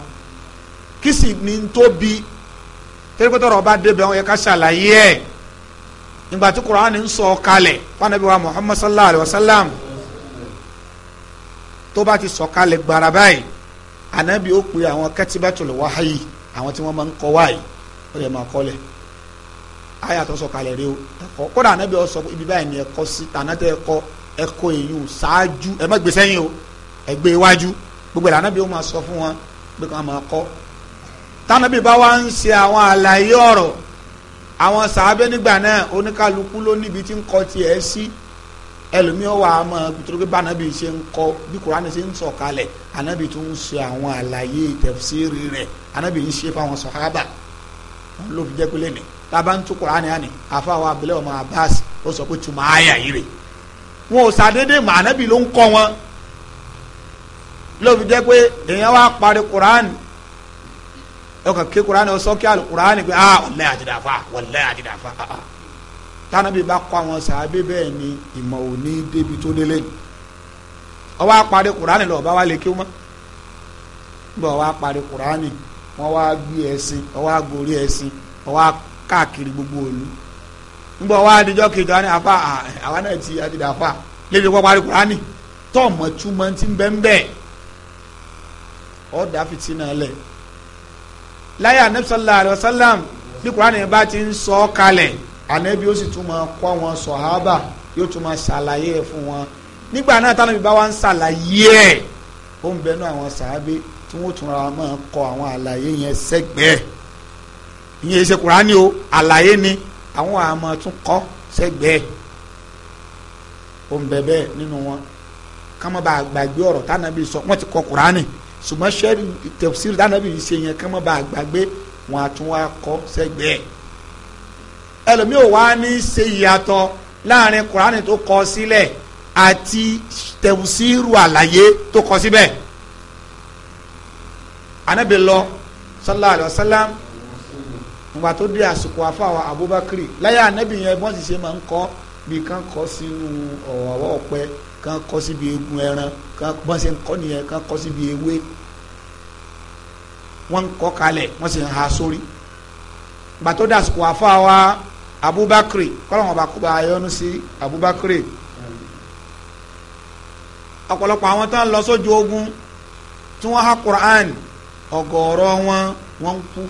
kí sì ní tóbi tẹ́lifíṣọ̀rọ̀ ọba débẹ̀ wọn yẹ ká ṣàlàyé ẹ̀ nígbà tí Qur'an ń sọ kalẹ̀ fanabi wa Muhammad sallallahu alayhi wa sallam tó bá ti sọ kalẹ̀ gbàrà báyìí anabi ó pe àwọn kẹtìbẹ́tùlù wáhàyè àwọn tí wọ́n máa ń kọ wáyìí ó lè máa kọ́lẹ̀ aya tó sọ kalẹ̀ rí o ẹ̀kọ́ kódà anabi ó sọ ibi báyìí ni ẹ̀kọ́ sí tànátẹ́ ẹ̀kọ́ ẹ̀kọ́ èyí ṣáájú ẹ̀ má gbé sẹ́yìn o ẹ̀gbẹ́ iwájú gbogbo ìlànà bí ó máa sọ fún wọn pé kí wọ́n máa kọ́ bá wá ń ṣe àwọn àlàyé ọ̀rọ̀ àwọn sàábẹ́ nígbà náà oníkálukú ló níbi tí ń kọ tiẹ̀ sí ẹlòmíràn wà á mọ pẹ̀tùrú pé bánabi ṣe ń kọ bí kuraani ṣe ń sọ kalẹ̀ anabi tún ń ṣe àwọn àlàyé tẹ̀fsíìrì rẹ̀ anabi ń ṣe fáwọn sọ̀hábà wọn ló fi jẹ́ pé lẹ́nu tábà ń tún kuraani àná àfàwọn abilẹ̀ ọmọ abbas ó sọ pé tùmọ̀ àyà yìí rè wọn ò sàdédé mọ anabi ló ń kọ wọn ló fi jẹ́ pé èèyàn wá parí kuraani ọkàn ké kurani ọ sọkí alukurani pé ah wàlẹ́ àdìdàfà wàlẹ́ àdìdàfà ah tánàbí bá kọ́ àwọn sàábé bẹ́ẹ̀ ni ìmọ̀ ò ní débi tó délé ni ọwọ́ apari kurani lọ ọba wa lè kí wọn bọ̀ ọwọ́ apari kurani wọn wá gbé ẹṣin ọwọ́ agorí ẹṣin ọwọ́ káàkiri gbogbo òlu ngbọ ọwọ́ adijọ́ kejì wọn ni afa àwa náà ti àdìdàfà lébi kọ́ parí kurani tọ́ ọmọ túmọ̀ ti ń bẹ́ẹ̀ bẹ́ẹ̀ ọ̀ dà láyé anabi sallallahu alayhi wa sallam bá ti ń sọ kalẹ̀ anabi ó sì tún máa kọ́ àwọn sọ̀hábà yóò tún máa ṣàlàyé ẹ̀ fún wọn nígbà náà tánàbí bá wà ń ṣàlàyé ẹ̀ ó ń bẹnu àwọn sàábé tí wọ́n tún yẹn ìyẹn ṣe kurani o àlàyé ni àwọn àmọ́ tún kọ́ ó wọn ká gbàgbé ọ̀rọ̀ ti kọ kurani. ṣùgbọ́n sẹ́rí tẹ̀síìrì dánàbí yìí ṣe yẹn kán mọ́ bá a gbàgbé wọn àtún wá kọ́ sẹ́gbẹ̀ẹ́ ẹlòmíì ò wá ní ṣe ìyàtọ̀ láàrin kùránì tó kọ sílẹ̀ àti tẹ̀síìrù àlàyé tó kọ síbẹ̀ anabi lọ sallallahu alayhi wa sallam ìgbà tó dé àsìkò afáwa abubakar láyé anabi yẹn bọ́n sì ṣe máa ń kọ́ bí kan kọ́ sínú ọ̀wọ́ ọ̀pẹ kan kọ́ síbi eegun ẹran ká bá ṣe ń kọ́ nìyẹn ká kọ́ síbi ewé wọ́n ń kọ́ kalẹ̀ wọ́n sì ń ha sórí gbàtó dàsìkò àfa wa abubakari kọ́lọ́wọ́n bá kó bá yọnu sí abubakari ọ̀pọ̀lọpọ̀ àwọn tó ń lọ sójú ogun tí wọ́n há Qur'an ọ̀gọ̀ọ̀rọ̀ wọn wọ́n ń kú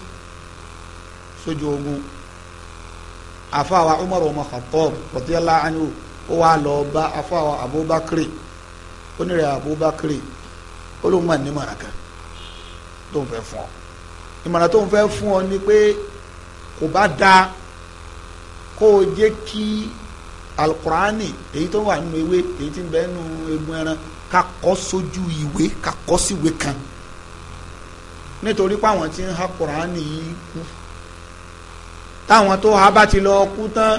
sójú ogun àfa wa Umar ọmọ Khattab radiyallahu anhu ó wà lọ bá àfa wa abubakari onírẹ̀ Abubakar olóhùn máa ní ìmọ̀ràn kan tó ń fẹ́ fún ọ ìmọ̀ràn tó ń fẹ́ fún ọ ni pé kò bá dáa kó o jẹ́ kí alukurani èyí tó wà nínú ewé èyí tí ń bẹ nínú egun ẹran ká kọ́ sójú ìwé ká kọ́ síwé kan nítorí pé tí ń ha kurani yìí kú táwọn tó ha bá ti lọ kú tán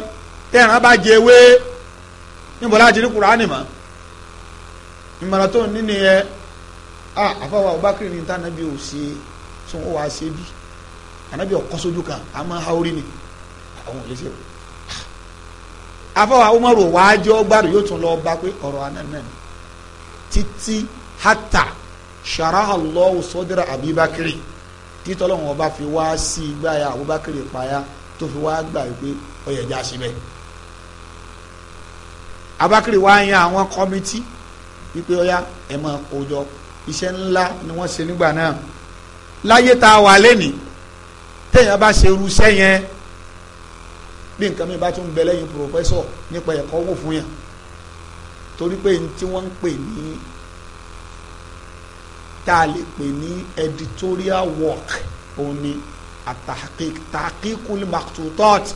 tẹ̀ràn bá jẹ ewé níbo láti rí kurani mọ́ ìmọ̀ràn tó ní nìyẹn a àfọwọ́ Abubakar ní tànàbí ò ṣe tí wa wá ṣe bí ànàbí ọ̀kọ́ sójú kan a máa ha orí ni àwọn òye ṣe o àfọwọ́ Umaru wájọ́ gbàdúrà yóò tún lọ bá pé ọ̀rọ̀ anáná ni títí hata sharaha Allahu sọ́dẹ̀rẹ̀ Abubakar títí Ọlọ́run ọba fi wá sí igbá ya Abubakar payá tó fi wá gbà wípé ọ̀yẹ̀dá ṣe bẹ́ẹ̀ wá yan àwọn kọ́mítì wípé ọyá ẹ máa kójọ iṣẹ́ ńlá ni wọ́n ṣe nígbà náà láyé tá a wà lẹ́nìí téèyàn bá ṣe irú iṣẹ́ yẹn bí nǹkan mi bá tún bẹ lẹ́yìn pòfẹ́sọ̀ nípa ẹ̀kọ́ wò fún yàn torí pé ní tí wọ́n ń pè ní tá a lè pè ní editorial work òun ni àtàkìk tàkìkùl màtútọ́ọ̀tì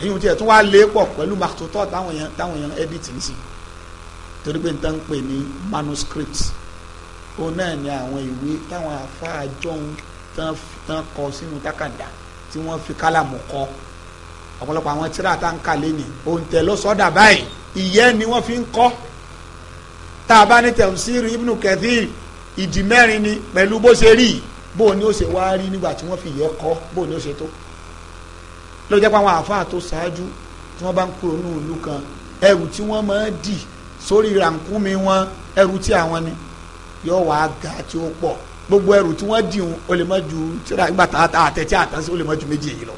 èyí ò tiẹ̀ tún wá lé pọ̀ pẹ̀lú màtútọ́ọ̀tì táwọn èèyàn edit ní sí i torí pé níta ń pè ní manuscript òun náà ni àwọn ìwé táwọn àfáà jọ̀hún tán kọ sínú tákàdá tí wọ́n fi kálàmù kọ ọ̀pọ̀lọpọ̀ àwọn tíra tá ń kà lẹ́nìí òǹtẹ̀ ló sọ́dà báyìí ìyẹ́ ni wọ́n fi ń kọ́ tá a bá ní tẹ̀síìrì ibnu kathir ìdí mẹ́rin ni pẹ̀lú bó ṣe rí bó ni ó ṣe wá rí nígbà tí wọ́n fi yẹ kọ́ bó ni ó ṣe tó ló jẹ́ pé àwọn àáfàá tó ṣáájú tí wọ́n bá ń kúrò ní ìlú kan ẹrù tí wọ́n máa ń dì sórí rànkúmi wọn ẹrù tí àwọn ni yóò wá ga tí ó pọ̀ gbogbo ẹrù tí wọ́n dìhun ó lè má ju tíra ìgbà tá a tẹ̀ tí a tán sí ó lè má ju méjì èyí lọ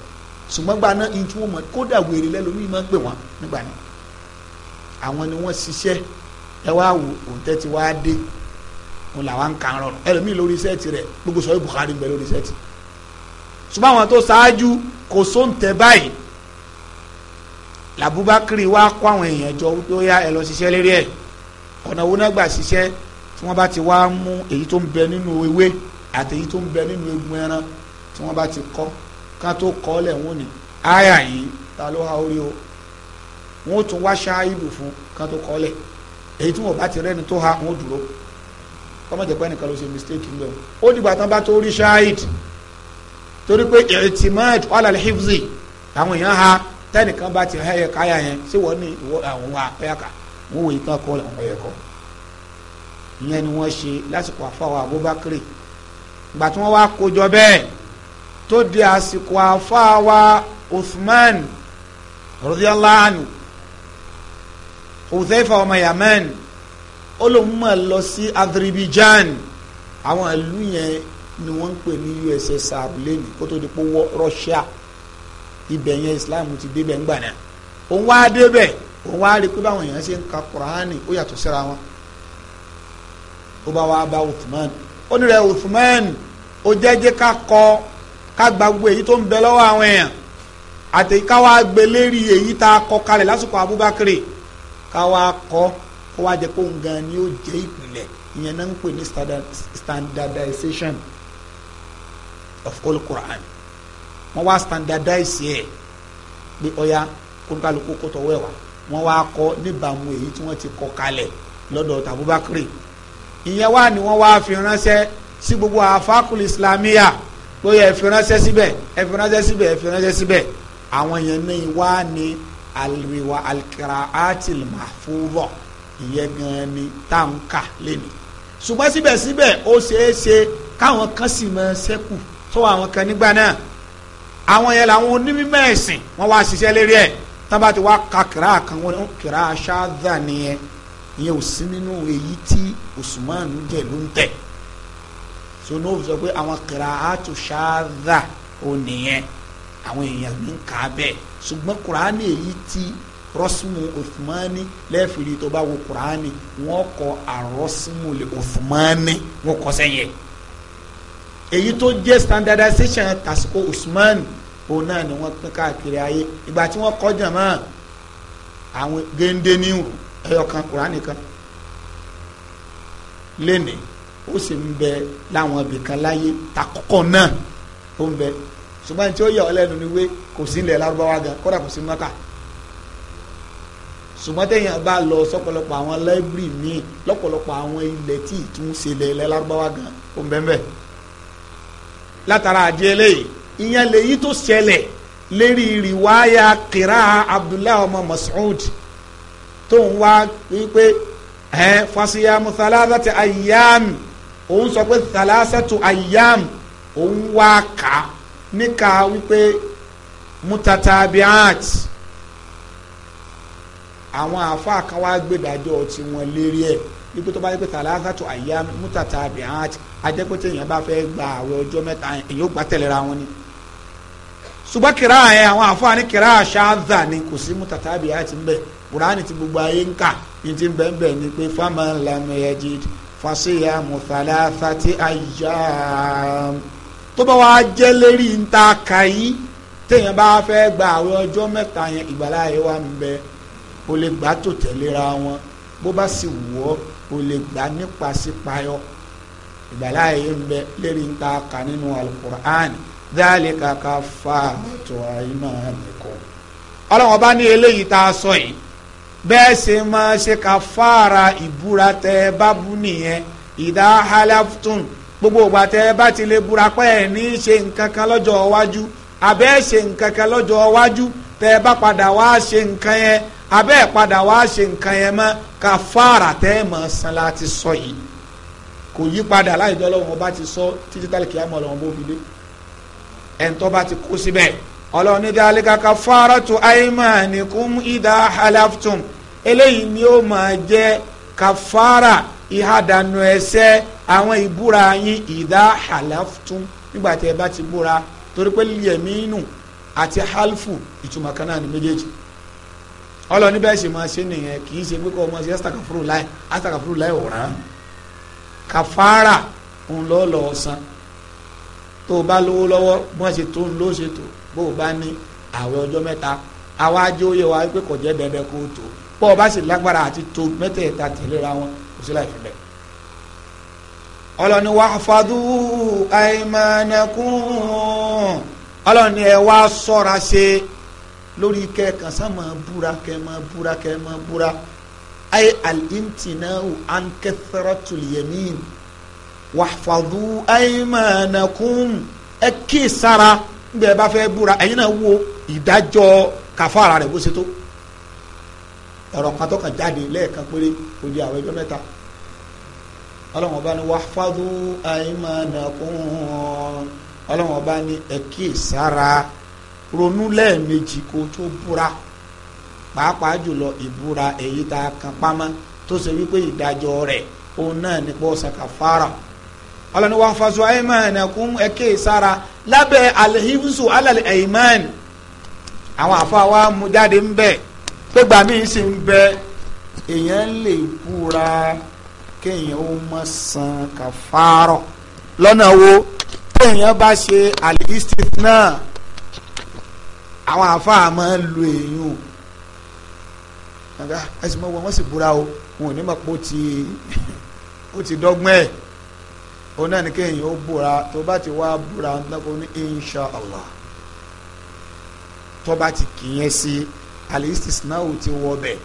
ṣùgbọ́n gba náà ìtú wọn kódà wèrè lẹ́lómi máa ń pè wọ́n nígbà náà àwọn ni wọ́n ṣiṣẹ́ ẹ wá wò òǹtẹ́ ti wá dé òun làwọn ń kàn rọrùn ẹlòmíì lórí sẹ́ẹ̀tì rẹ̀ gbogbo sọ Bukhari ń bẹ lórí sẹ́ẹ̀tì ṣùgbọ́n àwọn tó ṣáájú kò sóǹtẹ̀ báyìí làbúbákiri wá kó àwọn èèyàn jọ tó yá ẹ lọ ṣiṣẹ́ lérí ẹ̀ ọ̀nà owó náà gbà ṣiṣẹ́ tí wọ́n bá ti wá mú èyí tó ń bẹ nínú ewé àti èyí tó ń bẹ nínú egun ẹran tí wọ́n bá ti kọ́ ká tó kọ́ lẹ̀ wọ́n ni áyà yìí ta ló ha orí o wọ́n tún wá ṣááyìbù fún ká tó kọ́ lẹ̀ èyí tí wọ́n bá ti rẹ́ni tó ha wọ́n dúró kọ́mọ̀jẹ̀ pé ẹnìkan ló ṣe mistake ń bẹ̀ ó dìgbà tán bá tó rí ṣááyìd torí pé ìtìmọ́ẹ̀tì wàhálà lè hifzi àwọn èèyàn ha tẹnìkan bá ti hẹ́yẹ káyà yẹn ṣé wọ́n ní ìwọ àwọn wa ẹ̀yàkà wọ́n wòye tán làwọn ẹ̀yẹ kọ́ ìyẹn ni wọ́n ṣe lásìkò àfàwọ̀ Abubakar ìgbà tí wọ́n wá kójọ bẹ́ẹ̀ tó di àsìkò àfàwọ̀ Uthman radiyallahu anhu Hudhaifa ọmọ Yaman olóńgbò lọ sí Azerbaijan àwọn ìlú yẹn ni wọ́n ń pè ní USSR lẹ́nu kó tó di Russia ibẹ̀ yẹn islam ti débẹ̀ ńgbà náà òun wá débẹ̀ òun wá rí pé báwọn èèyàn ṣe ń ka kùránì ó yàtọ̀ síra wọn ó bá wá bá Uthman ó ní rẹ Uthman ó jẹ́jẹ́ ká kọ ká gba gbogbo èyí tó ń bẹ lọ́wọ́ àwọn èèyàn àti ká wá gbé lérí èyí tá a kọ kalẹ̀ lásìkò Abubakar ká wá kọ́ kó wá jẹ́ kóun gan ni ó jẹ́ ìpìlẹ̀ ìyẹn náà ń pè ní standardization of all Quran wọ́n wá standardize ẹ̀ pé ọ̀ya kónkálukú kó tọwọ́ ẹ̀ wá wọ́n wá kọ́ níbàámu èyí tí wọ́n ti kọ́ kalẹ̀ lọ́dọ̀ tàbúbákiri ìyẹn wá ni wọ́n wá fi ránṣẹ́ sí gbogbo àfákùl islamiyà pé ẹ fi ránṣẹ́ síbẹ̀ ẹ fi ránṣẹ́ ẹ fi ránṣẹ́ àwọn yẹn ní wá ní alriwa alqiraatil mahfudha ìyẹn gan ni tá à ń kà lẹ́nu ṣùgbọ́n síbẹ̀síbẹ̀ ó ṣeé ṣe káwọn kan sì máa ṣẹ́kù tó àwọn kan nígbà náà àwọn yẹn làwọn onímọ̀ ẹ̀sìn wọ́n wá ṣiṣẹ́ lérí ẹ̀ tábà ti wá ka kìrá kan wọn kìrá aṣáájà nìyẹn ìyẹn ò sí nínú èyí tí Usman jẹ ló ń tẹ̀ so ní o sọ pé àwọn kìrá àtò ṣáájà ò nìyẹn àwọn èèyàn mi ń kà á bẹ́ẹ̀ ṣùgbọ́n kùránì èyí tí rọ́sùmù òfìmánì lẹ́ẹ̀fìrí tó bá wo kùránì wọ́n kọ àrọ́sùmù òfìmánì wọ́n kọ sẹ́yìn èyí tó jẹ́ standardization tàsíkò Usman òun náà ni wọ́n pín káàkiri ayé ìgbà tí wọ́n kọjá mọ́ àwọn géńdé ní ìrù ẹyọkan Kùránì kan lénìí ó sì ń bẹ láwọn ibìkan láyé takọ́kọ́ náà ó ń bẹ ṣùgbọ́n tí ó yà ọ́ ni wé kò sí ilẹ̀ lárúbáwá gan kódà kò sí mọ́kà ṣùgbọ́n téèyàn bá lọ sọ́pọ̀lọpọ̀ àwọn láìbírì míì lọ́pọ̀lọpọ̀ àwọn ilẹ̀ tí ìtúnṣe ilẹ̀ lárúbáwá gan ó ń bẹ́ẹ̀ bẹ́ẹ̀ látara àdí eléyìí ìyẹn lèyí tó ṣẹlẹ̀ lérí rìwáyà kira abdullahi ọmọ Masoud, tó ń wá wípé ẹ fasiyamu thalathati ayyam òun sọ pé thalathatu ayyam òun wá kà níka wípé mutatabiat àwọn àáfàá kan wá gbẹdàjọ tiwọn lérí ẹ wípé tó bá yẹ pé tàlágàtò àyà mútàtà àbíhàn ajẹ́pẹ́tẹ́ èèyàn bá fẹ́ gba àwẹ̀ ọjọ́ mẹ́ta èèyàn ó gbà tẹ̀léra wọn ni. ṣùgbọ́n kìrá yẹn àwọn àfọwọ́ni kìrá ṣáàzà ni kò sí mútàtà àbíhàn ti ń bẹ̀ kùránì ti gbogbo ayé ń kà ní ti ń bẹ̀ ń bẹ̀ ni pé fáma lamẹ́yẹjì fàṣẹyà mùtàláfàtì àyà tó bá wàá jẹ́ lérí ńta kàyí téèyàn bá fẹ́ gba àwẹ̀ ọjọ́ mẹ́ta yẹn ìgbàláyé wa ń bẹ ó lè gbà tó tẹ̀léra wọn bó bá sì wù o lè gbà nípa sípayọ ìgbàláyé ń bẹ lérí ń ta ka nínú alukur'an dhalika kaffaratu aymanikum ọlọ́wọ́n bá ní eléyìí tá a sọ yìí bẹ́ẹ̀ ṣe máa ṣe ka fara ìbúra tẹ́ ẹ bá bú nìyẹn ìdá halaftun gbogbo ìgbà tẹ ẹ bá ti lè búra pé ẹ ní ṣe nǹkan kan lọ́jọ́ iwájú àbẹ́ ṣe nǹkan kan lọ́jọ́ iwájú tẹ́ ẹ bá padà wá ṣe nǹkan yẹn abẹ́ ẹ̀ padà wá ṣe nǹkan yẹn mọ́ kàfàrà tẹ́ ẹ̀ mọ̀ san láti sọ yìí kò yí padà láì dọ́ lọ́wọ́ bá ti sọ títí tálẹ̀ kìí àmọ́ lọ́wọ́ bó fi dé ẹ̀ńtọ́ bá ti kó síbẹ̀ ọlọ́run ní dhalika kafaratu aymanikum idha halaftum eléyìí ni ó máa jẹ́ kàfàrà ìhàdànù ẹ̀ṣẹ̀ àwọn ìbúra yín idha halaftum nígbà tí ẹ bá ti búra torí pé liyemínú àti halfu ìtumọ̀ kan náà ní méjèèjì ọlọ́ni bẹ́ẹ̀ ṣe máa ṣe nìyẹn kì í ṣe pé kọ́ ọmọ ṣe astagafuru láì astagafuru láì ọ̀rá kàfàrà ń lọ lọ san tó o bá lówó lọ́wọ́ bọ́n ṣe tó ń lọ ṣe tó bó o bá ní àwẹ̀ ọjọ́ mẹ́ta àwa ajé oyè wa pé kò jẹ́ bẹ́ẹ̀ kó o tó bọ́ ọ bá sì lágbára àti tó mẹ́tẹ̀ẹ̀ta tẹ̀léra wọn kò sí láì fi bẹ́ẹ̀. ọlọ́ni wàá fadú àìmọ̀nẹ́kùn ọlọ́ni ẹ wá sọ́ra ṣe lórí kẹkàn sámọ búra kẹmọ búra kẹmọ búra ayé alintinahu ankẹfẹrọtulyemin wàfàdú aymanakum ẹ kí sara gbẹ bá fẹ́ búra ẹ̀yin náà wo ìdájọ́ kàfàrà rẹ̀ bó ṣe tó ọ̀rọ̀ kan tó kàn jáde lẹ́ẹ̀kan péré kò di àwọn ẹjọ́ mẹ́ta ọlọ́run ọba ni wàfàdú aymanakum ọlọ́run ọba ni ẹ kí sara. ronú lẹ́ẹ̀mejì kó tó búra pàápàá jùlọ ìbúra èyí tá a kan pamọ́ tó ṣe wípé ìdájọ́ rẹ̀ òun náà ní pọ́ sàkàfàrà ọlọ́ni wàá fasu ayman ẹ̀kún ẹ̀kẹ́ e sára lábẹ́ alẹ́ àwọn wa mú jáde ń bẹ̀ pé gbàmí sì ń bẹ èèyàn lè búra kéèyàn ó mọ̀ san kàfàrọ̀ lọ́nà wo téèyàn bá ṣe náà àwọn àáfàá máa ń lu èèyàn nàgá ẹsìn mọ wọn sì búra o wọn ò ní mọ̀ pé ó ti ó ti dọ́gbọ́n ẹ̀ òun náà ní kéèyàn ó búra tó bá ti wá búra lọ́kọ́ ní insha allah tó bá ti kìyẹn sí alistis náà ti wọ bẹ̀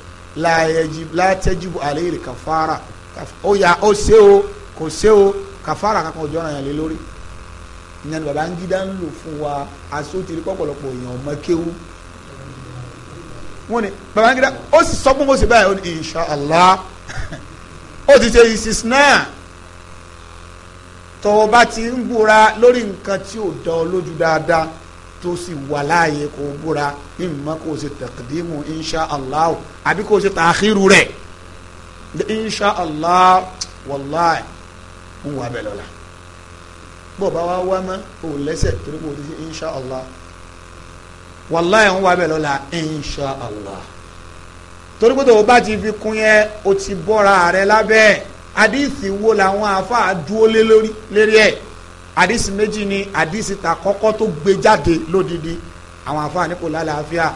látẹ́jú àlẹ́ kàfàrà ó yà ó ṣe o kò ṣe o kàfàrà kankan ò jọ́ra yàn lé lórí ìyẹn Babangida ń lò fún wa asótiri pọ̀pọ̀lọpọ̀ èèyàn ọmọ kéwú wọ́n ní Babangida ó sì sọ fún mo sì báyìí ó ní inṣàlá ó ti ṣe ìsìs náà tó o bá ti ń búra lórí nǹkan tí ò dán ọ lójú dáadáa tó sì wà láàyè kó o búra ìmọ̀ kó o ṣe tẹ̀kídìmù inṣàlá o àbí kó o ṣe tààkírù rẹ̀ inṣàlá wàláì ń wà bẹ́ẹ̀ lọ́la bọ́ọ̀ bá wá wá mọ́ ò lẹ́sẹ̀ torí kò ti ṣe insha allah wàláyé ń wá bẹ́ẹ̀ lọ́la insha allah torí pé tó o bá ti fi kún yẹn o ti bọ́ra rẹ lábẹ́ àdìsí wo làwọn àáfàá dúró lé lórí lérí ẹ̀ àdìsí méjì ni àdìsí ta kọ́kọ́ tó gbé jáde lódìdí àwọn àáfàá ní kò lálàáfíà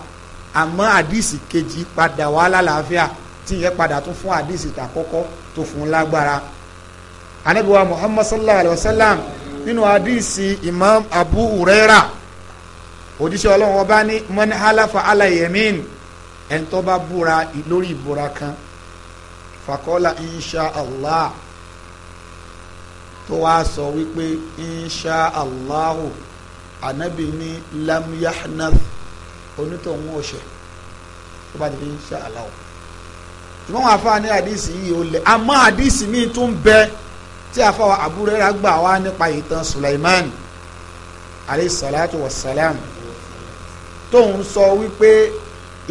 àmọ́ àdìsí kejì padà wá lálàáfíà tí ìyẹn padà tún fún àdìsí ta kọ́kọ́ tó fún lágbára anabiwa muhammad sallallahu alayhi wa sallam nínú hadisi imam abu huraira òjíṣẹ́ ọlọ́run ọba ní man halafa ala yamin ẹni tó bá búra lórí ìbúra kan fàkọ́lá insha allah tó wá sọ wípé insha allah anabi ní lam yahnath onítọ̀hún ọ̀ṣẹ̀ tó bá ti fi insha allah ṣùgbọ́n wọn àfa ní hadisi yìí ó lẹ̀ àmọ́ hadisi míì tún bẹ́ẹ̀ tí àfọwọ́ àbúrẹ́ra gbà wá nípa ìtàn Sulaiman alayhi salatu wa salam tóun sọ wípé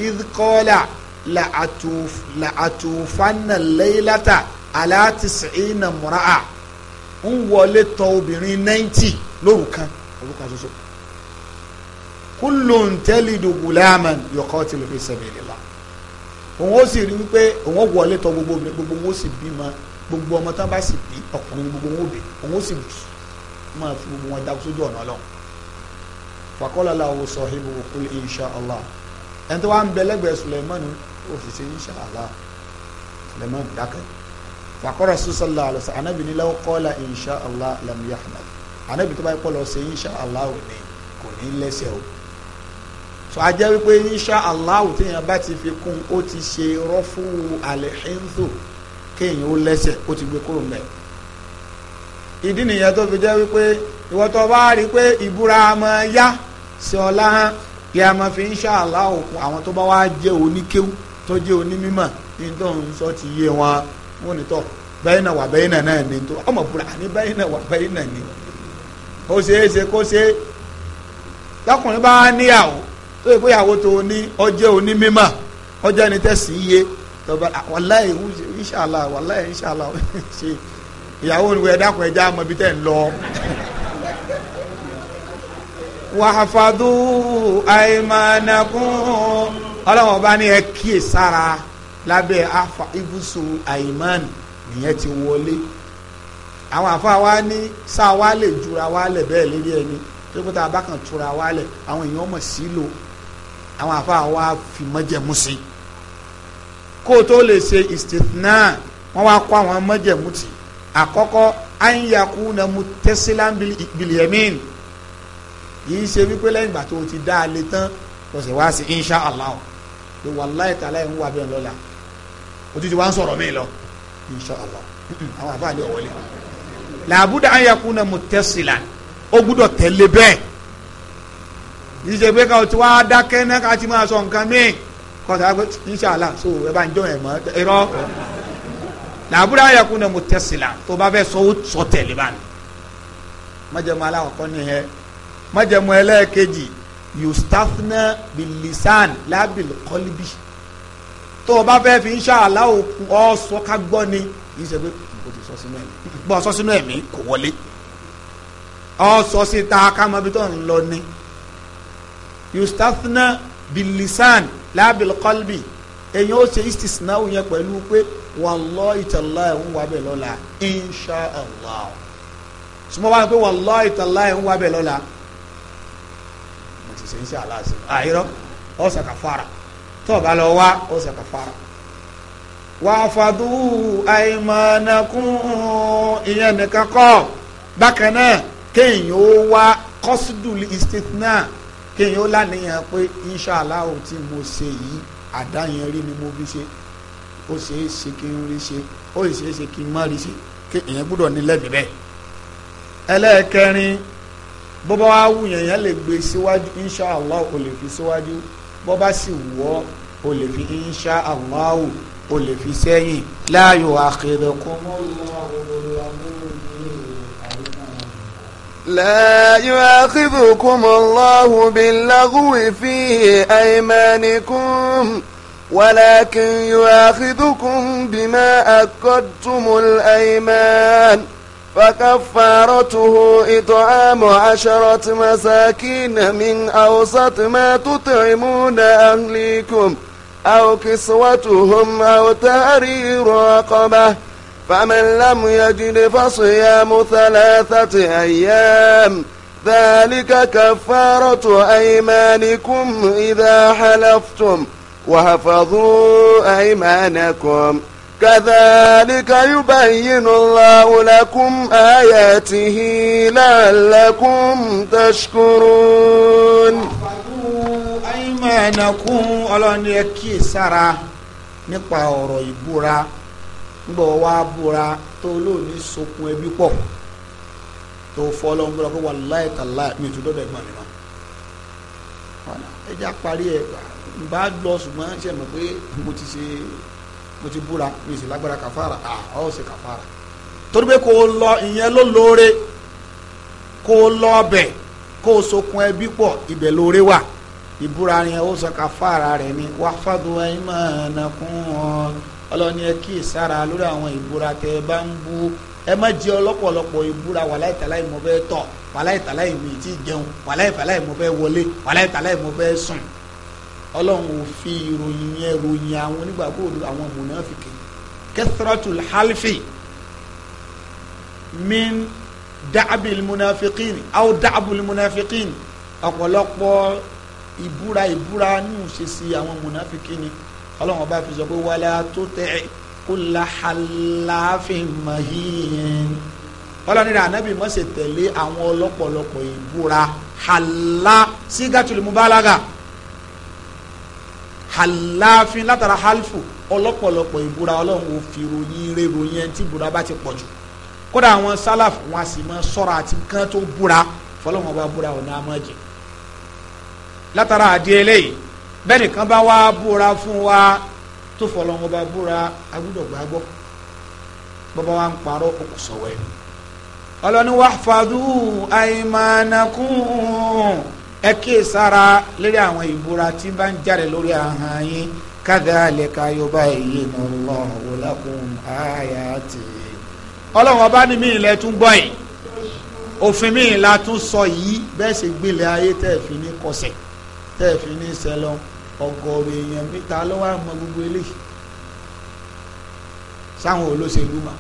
idkola la atuf la atufanna laylata ala tis'ina mura'a ń wọlé tọ̀ obìnrin ninety lóru kan lóru kan ṣoṣo kullun talidu gulaman yuqatilu fi sabilillah òun ó sì rí wípé òun ó wọlé tọ̀ gbogbo obìnrin gbogbo òun ó sì bímọ gbogbo ọmọ tán bá sì bí ọkùnrin gbogbo wọn ò bè òun ó sì bù máa fi gbogbo wọn jagun sójú ọ̀nà ọlọ́run fàkọ́lá làwọn sọ ibi òkú insha allah ẹni tó wá ń bẹ lẹ́gbẹ̀ẹ́ suleiman ó fi ṣe insha allah suleiman dákẹ́ fàkọ́rọ̀ sọ́sọ́lá àlọ́sọ anábì ní lọ́wọ́ kọ́lá insha allah lam yahmad anábì tó bá pọ̀ lọ ṣe insha allah ò ní kò ní lẹ́sẹ̀ o sọ ajẹ́ wípé insha allah ò tẹ̀yìn kéèyàn ó lẹ́sẹ̀ ó ti gbé kúrò mẹ́ ìdí nìyẹn tó fi jẹ́ wípé ìwọ tó bá rí i pé ìbúra máa yá sí ọlá hàn yẹ a máa fi ń ṣàlá òkun àwọn tó bá wá jẹ́ oníkéwú tó jẹ́ onímímọ̀ ní tó ń sọ ti yé wọn wọn ni tọ́ bẹ́yìn náà wà bẹ́yìn náà náà ni tó ọmọ búra ní bẹ́yìn náà wà bẹ́yìn náà ni ó ṣeé ṣe kó ṣe lọ́kùnrin bá níyàwó tó yẹ kó yàwó tó ní ọjẹ́ onímímọ̀ ọjẹ́ ni tẹ̀sí yé tọba wàláyé inṣàlá wàláyé inṣàlá ṣe ìyàwó ni wẹ́ẹ́ dákun ẹja mọ ibi tẹ́ ń lọ. (laughs) wàhàfàdù àìmánakùn ọlọ́wọ́n bá ní ẹ kíyè sára lábẹ́ afa ibùsùn àìmán nìyẹn ti wọlé àwọn àfa wa ní sá wa lè jura wa lẹ̀ bẹ́ẹ̀ lérí ẹni tó kó a bá kàn tura wa lẹ̀ àwọn èèyàn mọ̀ sílò àwọn àfa wa fi mọ́jẹ̀mú sí i kó lè ṣe istithna wọ́n wá kó àwọn májẹ̀mú tì àkọ́kọ́ an yakuna muttasilan bil yamin yìí ṣe wípé lẹ́yìn ìgbà tó o ti dá a lè tán kò sì wá sí insha allah pé wàláyé tààlà ẹ̀ ń wà bẹ́ẹ̀ lọ́la o ti ti wá ń sọ̀rọ̀ mí lọ insha allah (clears throat) àwọn àbá àlẹ́ ọ̀wọ́lẹ̀ làbúdà an yakuna muttasilan ó gbúdọ̀ tẹ̀lé bẹ́ẹ̀ yìí ṣe pé ká ti wá dákẹ́ náà ká ti máa sọ nǹkan mìíràn kọ́ta pé inṣàlá so ẹ bá ń jọ ẹ̀ mọ́ irọ́ làbúrò ayẹkùn náà mo tẹ̀sí la tó bá fẹ́ sọ ó sọ tẹ̀lé bá mi májẹ̀mú aláwọ̀kọ́ ni ẹ májẹ̀mú ẹlẹ́ẹ̀kejì yustafna bilisan labil kọlibi tó o bá fẹ́ fi inṣàlá òkun ọ sọ ká gbọ́ ni yìí ṣe pé o ti sọ sínú ẹ̀mí gbọ́ sọ sínú ẹ̀mí kò wọlé ọ sọ síta ká mọ tó ń lọ ni yustafna bilisan lábìl kọ́lbì èyàn ó ṣe istisnawu yẹn pẹ̀lú pé wallahi tallahi ń wà bẹ́ẹ̀ lọ́la insha allah sùmọ́ wá pé wallahi tallahi ń wà bẹ́ẹ̀ lọ́la mo ti ṣe insha allah sí àìrọ́ ó ṣe kàfàrà tó o bá lọ wá ó ṣe kàfàrà wàfàdù àìmọ̀nàkùn ìyẹn nìkan kọ́ bákan náà kéèyàn ó wá kọ́sídùlì istithna kéèyàn ó lánìyàn pé inṣàlá ò tí mo ṣe yìí àdáyẹn rí ni mo fi ṣe ó ṣeé ṣe kí n rí ṣe ó ṣeé ṣe kí n má rí ṣe kéèyàn gbúdọ̀ ní lẹ́bi bẹ́ẹ̀. ẹlẹ́ẹ̀kẹrin bó bá wá wù yẹn yẹn lè gbé síwájú inṣàlá ò lè fi síwájú bó bá sì wọ́ ò lè fi inṣàlá ò lè fi sẹ́yìn láàyò àkèrè kọ́mọ́ لا يؤاخذكم الله باللغو في أيمانكم ولكن يؤاخذكم بما أكدتم الأيمان فكفارته إطعام عشرة مساكين من أوسط ما تطعمون أهليكم أو كسوتهم أو تأرير رقبه فمن لم يجد فصيام ثلاثة أيام ذلك كفارة أيمانكم إذا حلفتم وحفظوا أيمانكم كذلك يبين الله لكم آياته لعلكم تشكرون أيمانكم ألون يكي سرى نقع ريبورا ńgbọ̀ wá búra tó lóòní sokun ẹbí pọ̀ tó fọ́ lọ́n búra pé wàláì tàlá mi tún dọ́dọ̀ ẹ̀gbọ́n mi mọ́ ẹjẹ́ parí ẹ̀ n bá lọ ṣùgbọ́n ṣe mọ̀ pé mo ti ṣe mo ti búra mi sì lágbára kàfàrà à ọ́ ṣe kàfàrà torí pé kò lọ ìyẹn ló lóore kò lọ ọbẹ̀ kò sokun ẹbí pọ̀ ibẹ̀ lóore wà ìbúra yẹn ó sọ kàfàrà rẹ̀ ni wàá fàdùn ẹ̀ máa nà kún ọ́n ọlọ́ni ẹ kí ìsára lórí àwọn ìbúra tẹ ẹ bá ń bú ẹ má jẹ ọlọ́pọ̀lọpọ̀ ìbúra wàláì tàláì mo fẹ́ tọ̀ wàláì tàláì mi ti jẹun wàláì tàláì mo fẹ́ wọlé wàláì tàláì mo fẹ́ sùn ọlọ́run ò fi ìròyìn yẹn ròyìn àwọn onígbàgbọ́ òdo àwọn mùnàfìkì kathratul halfi min da'abil munafiqin aw da'abul munafiqin ọ̀pọ̀lọpọ̀ ọlọ́run ọba fi sọ pé wala tuti' kulla halafin mahin ọlọ́run rẹ̀ ànábì má ṣe tẹ̀lé àwọn ọlọ́pọ̀lọpọ̀ ìbúra hàlá sí gàtúlù mubalaga hàláfin látara hálfù ọlọ́pọ̀lọpọ̀ ìbúra ọlọ́run ò fi ròyìn rẹ̀ ròyìn ẹni tí ìbúra bá ti pọ̀ jù kódà àwọn sálàf wọn a sì máa sọ́ra àti kán tó búra fọlọ́run ọba búra ọ̀nà àmọ́jẹ látara àdìẹ lẹ́yìn bẹ́ẹ̀ nìkan bá wá búra fún wa tó fọlọ́wọ́n bá búra agbọ́dọ̀ gbàgbọ́ bàbá wa ń parọ́ òkú sọ̀wọ́ ẹ̀ ọlọ́ni wahfadu aymanakum ẹ kíyè sára lórí àwọn ìbúra tí bá ń jáde lórí ahọ́n yín kadhalika yubayyinu Allahu lakum ayati. ọlọ́wọ́n bá ní mí ilẹ̀ tún gbọ́ yìí òfin mi la tún sọ yìí bẹ́ẹ̀ sì gbélé ayé tẹ́ẹ̀ fi ní kọsẹ̀ tẹ́ẹ̀ fi ní sẹlọ́n ọ̀gọ̀ọ̀rọ̀ èèyàn mẹ́ta ló wá mọ gbogbo eléyìí sáwọn olóṣèlú mà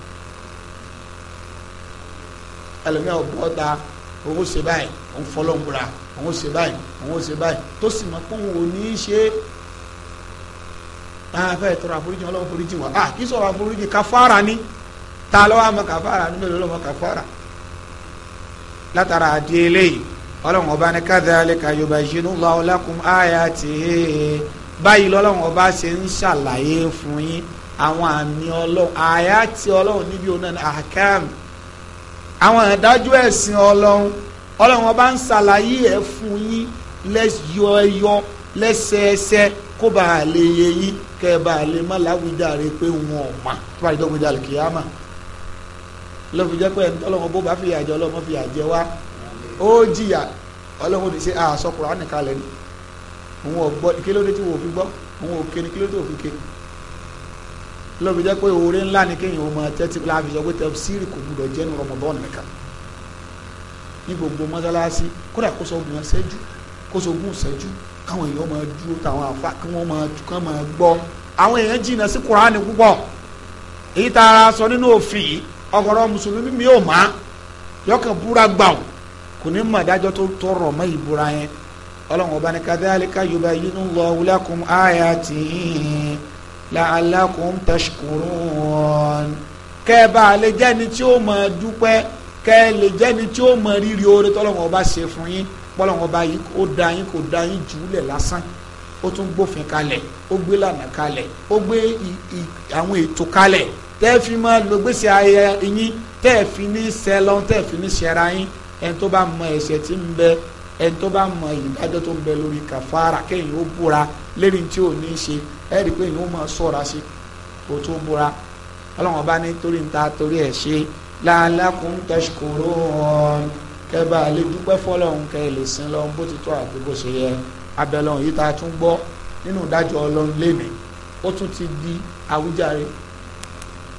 ẹlòmíà ọ̀bọ̀ta òun ṣe báyìí òun fọlọ́ngbura òun ṣe báyìí òun ṣe báyìí tó sì mọ̀ pé òun ò ní í ṣe àfẹ́ tọrọ àforíjì ọlọ́run foríjì wá à ah, kí sọ̀rọ̀ àforíjì káfárà ni ta ló wá mọ káfárà ni mélòó ló mọ káfárà látara àdìẹ eléyìí ọlọ́run ọba ní kadhalika yubayyinu Allahu lakum ayatihi báyìí lọ́lọ́run ọba ṣe ń ṣàlàyé fún yín àwọn àmì ọlọ́run àyàtì ọlọ́run níbi òun náà àkàm àwọn ìdájọ́ ẹ̀sìn ọlọ́run ọlọ́run ọba ń ṣàlàyé ẹ̀ fún yín lẹ́yọ̀ẹ́yọ̀ lẹ́sẹẹsẹ kó bá a lè yé yín kẹ́ bá a lè má láwùjáre pé wọn ò mà tó bá yẹ dọ́gbẹ́jà lè kíyàmà lọ́ọ́ fi jẹ́ pé ẹni tọ́lọ́wọ́n bó bá fìyà jẹ ọlọ́mọ fìyà jẹ wá ó jìyà ọlọ́run òdì sí àṣọ kùránì kalẹ̀ ni òun ò gbọ́ kí ló dé tí wò ó fi gbọ́ òun ò kéne kí ló dé òfin ké lọ́bi jẹ́ pé oore ńlá ni kéèyàn ọmọ tẹ́tí láàbì sọ pé tafsiri kò gbúdọ̀ jẹ́ ní Ramadan nìkan ní gbogbo mọ́sálásí kódà kó sọ gbọ̀n sẹ́jú kó sọ gùn sẹ́jú káwọn èèyàn máa dúró táwọn àfa kí wọ́n máa kán máa gbọ́ àwọn èèyàn jìnnà sí kuraani púpọ̀ èyí tá a sọ nínú òfin ọ̀gọ̀rọ̀ mùsùlùmí mi ò má yọkàn búra gbàù kò ní mọ̀ dájọ́ tó tọrọ mọ́ ìbúra yẹn ọlọ́run ọba ní kadhalika yubayyinullahu lakum ayatihi la'allakum tashkurun. kẹ́ ẹ bá a lè jẹ́ni tí ó mọ̀ dúpẹ́ kẹ́ ẹ lè jẹ́ni tí ó mọ̀ rírì oore tọ́lọ́run ọba ṣe fún yín pọ́lọ́run ọba yìí ó da yín kò da yín jùúlẹ̀ lásán ó tún gbófin kalẹ̀ ó gbé lànà kalẹ̀ ó gbé àwọn ètò kalẹ̀ tẹ́ẹ̀ fi máa lọ gbèsè ayẹyẹ yín tẹ́ẹ̀ fi ní sẹ́lọ́n tẹ́ẹ̀ fi ní sẹ́ra yín ẹni tó bá mọ ẹ̀ṣẹ̀ tí ń bẹ ẹni tó bá mọ ìdájọ́ tó ń bẹ lórí kàfàrà kéèyàn ó búra lérí tí ò ní í ṣe ẹ rí i pé èèyàn ó máa ṣọ́ra sí kó tó búra ọlọ́run bá ní torí ń ta torí ẹ̀ ṣe la'allakum tashkurun kẹba lè dúpẹ́ fọlọ́run kẹ lè sin lọ́run bó ti tọ́ àti bó ṣe yẹ abẹ́lọ́run yìí ta tún gbọ́ nínú ìdájọ́ ọlọ́run lémi ó tún ti di àwíjàre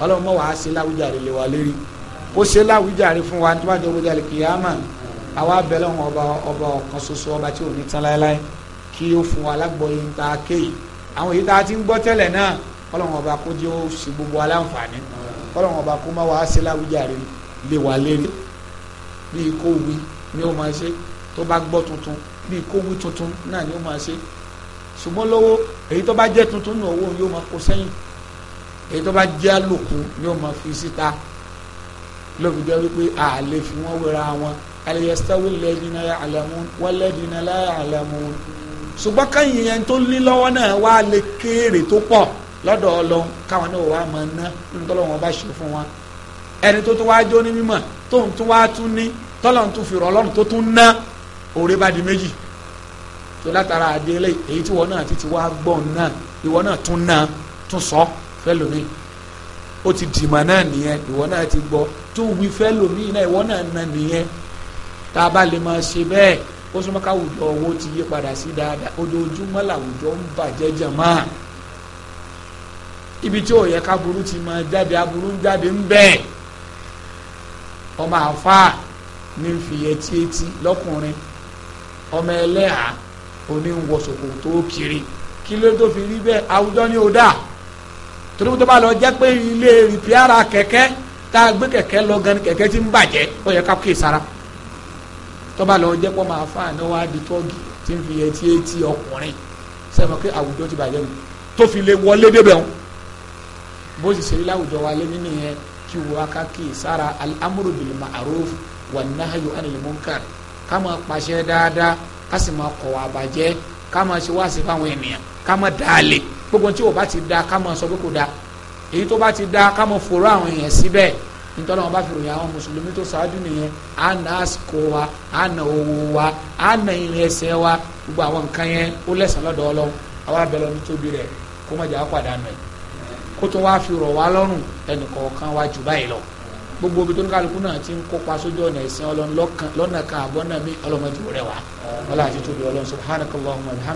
ọlọ́run mọ̀ wá sí láwíjàre lè wà lérí kó ṣe láwùjáre fún wa tó bá jẹ́ wọlé alikiyama àwa abẹ́lẹ́ wọn ọba ọba ọ̀kan ṣoṣo ọba tí ò ní tán láéláé kí ó fún wa lágbọ̀ọ́yé ń ta kéyì àwọn èyí tá a ti ń gbọ́ tẹ́lẹ̀ náà kọ́lọ́wọ́n ọba kó jẹ́ ó sì gbogbo aláǹfààní kọ́lọ́wọ́n ọba kó má wàá ṣe láwùjáre lè wà lérí bíi kó ni ó máa ṣe tó bá gbọ́ tuntun bíi kó tuntun náà ni ó máa ṣe ṣùgbọ́n lọ́wọ́ èyí tó bá jẹ́ tuntun nù owó yóò máa kó sẹ́yìn èyí tó bá jẹ́ àlòkù yóò máa fi síta lóbi jẹ́ wípé àlè fi wọ́n wéra wọn àlèyẹsítẹ́wì lẹ́yìn àlẹ́mú wọ́n lẹ́yìn àlẹ́mú. ṣùgbọ́n káyìn yẹn tó ní lọ́wọ́ náà wá lè kéré tó pọ̀ lọ́dọ̀ ọlọ́run káwọn náà wá máa ná nínú tọ́lọ́ wọn bá ṣe fún wọn. ẹni tó tún wáá jó ní mímọ̀ tóun tún wáá tún ní tọ́lọ́run tún fi rọ̀ ọlọ́run tó tún ná òré bá di méjì tó látara àdé èyí tí wọn náà ti ti wá gbọ́n náà ìwọ ó ti dìmọ̀ náà nìyẹn ìwọ náà ti gbọ́ tó wí fẹ́ lòmíì náà ìwọ náà nà nìyẹn tá a bá lè máa ṣe bẹ́ẹ̀ ó súnmọ́ káwùjọ owó ti yí padà sí dáadáa ojoojúmọ́ làwùjọ ń bàjẹ́ jàmá ibi tí ò yẹ káburú ti máa jáde aburú ń jáde ń bẹ́ẹ̀ ọmọ àfa ní ń fi etí etí lọ́kùnrin ọmọ ẹlẹ́hà oníwọ̀sọ̀kò tó kiri kí ló tó fi rí bẹ́ẹ̀ àwùjọ ni ó dáa. torí mo tó bá lọ jẹ́ pé ilé rìpíárà kẹ̀kẹ́ tá a gbé kẹ̀kẹ́ lọ gan kẹ̀kẹ́ ti ń bàjẹ́ ó yẹ ká kéè sára tó bá lọ jẹ́ pọ́ máa fà ní wá di tọ́gì tí ń fi etí etí ọkùnrin sẹ́wọ̀n pé àwùjọ ti bàjẹ́ mi tó fi lè wọlé débẹ̀ wọn bó sì ṣe rí láwùjọ wa lé nínú yẹn kí wọ́n á ká kéè sára al-amru bil ma'ruf wan nahyu anil munkar ká máa pàṣẹ dáadáa ká sì máa kọ̀ wá bàjẹ́ ká máa ṣe wá sí fáwọn ènìyàn ká mọ̀ dáálé gbogbo tí o bá ti da ká mọ̀ sọ pé kò da èyí tó bá ti da ká mọ̀ fòrò àwọn èèyàn síbẹ̀ nítorí wọn bá fi ròyìn àwọn mùsùlùmí tó ṣáájú nìyẹn à na àsìkò wa à ń na owó wa à ń na irin ẹsẹ̀ wa gbogbo àwọn nǹkan yẹn ó lẹ́sàn lọ́dọ̀ Ọlọ́run àwa abẹ́lẹ́ ọdún tóbi rẹ̀ kó má jà á pàdánù ẹ̀ kó tó wáá fi rọ̀ wá lọ́rùn ẹnì kọ̀ọ̀kan wa jù báyìí lọ gbogbo ibi tó ní kálukú náà ti ń kópa sójú ọ̀nà ẹ̀sìn Ọlọ́run kan àbọ̀nà mi ọlọ́mọdé rẹ̀ ọlọ́run àti tóbi Ọlọ́run subhanakallahumma wa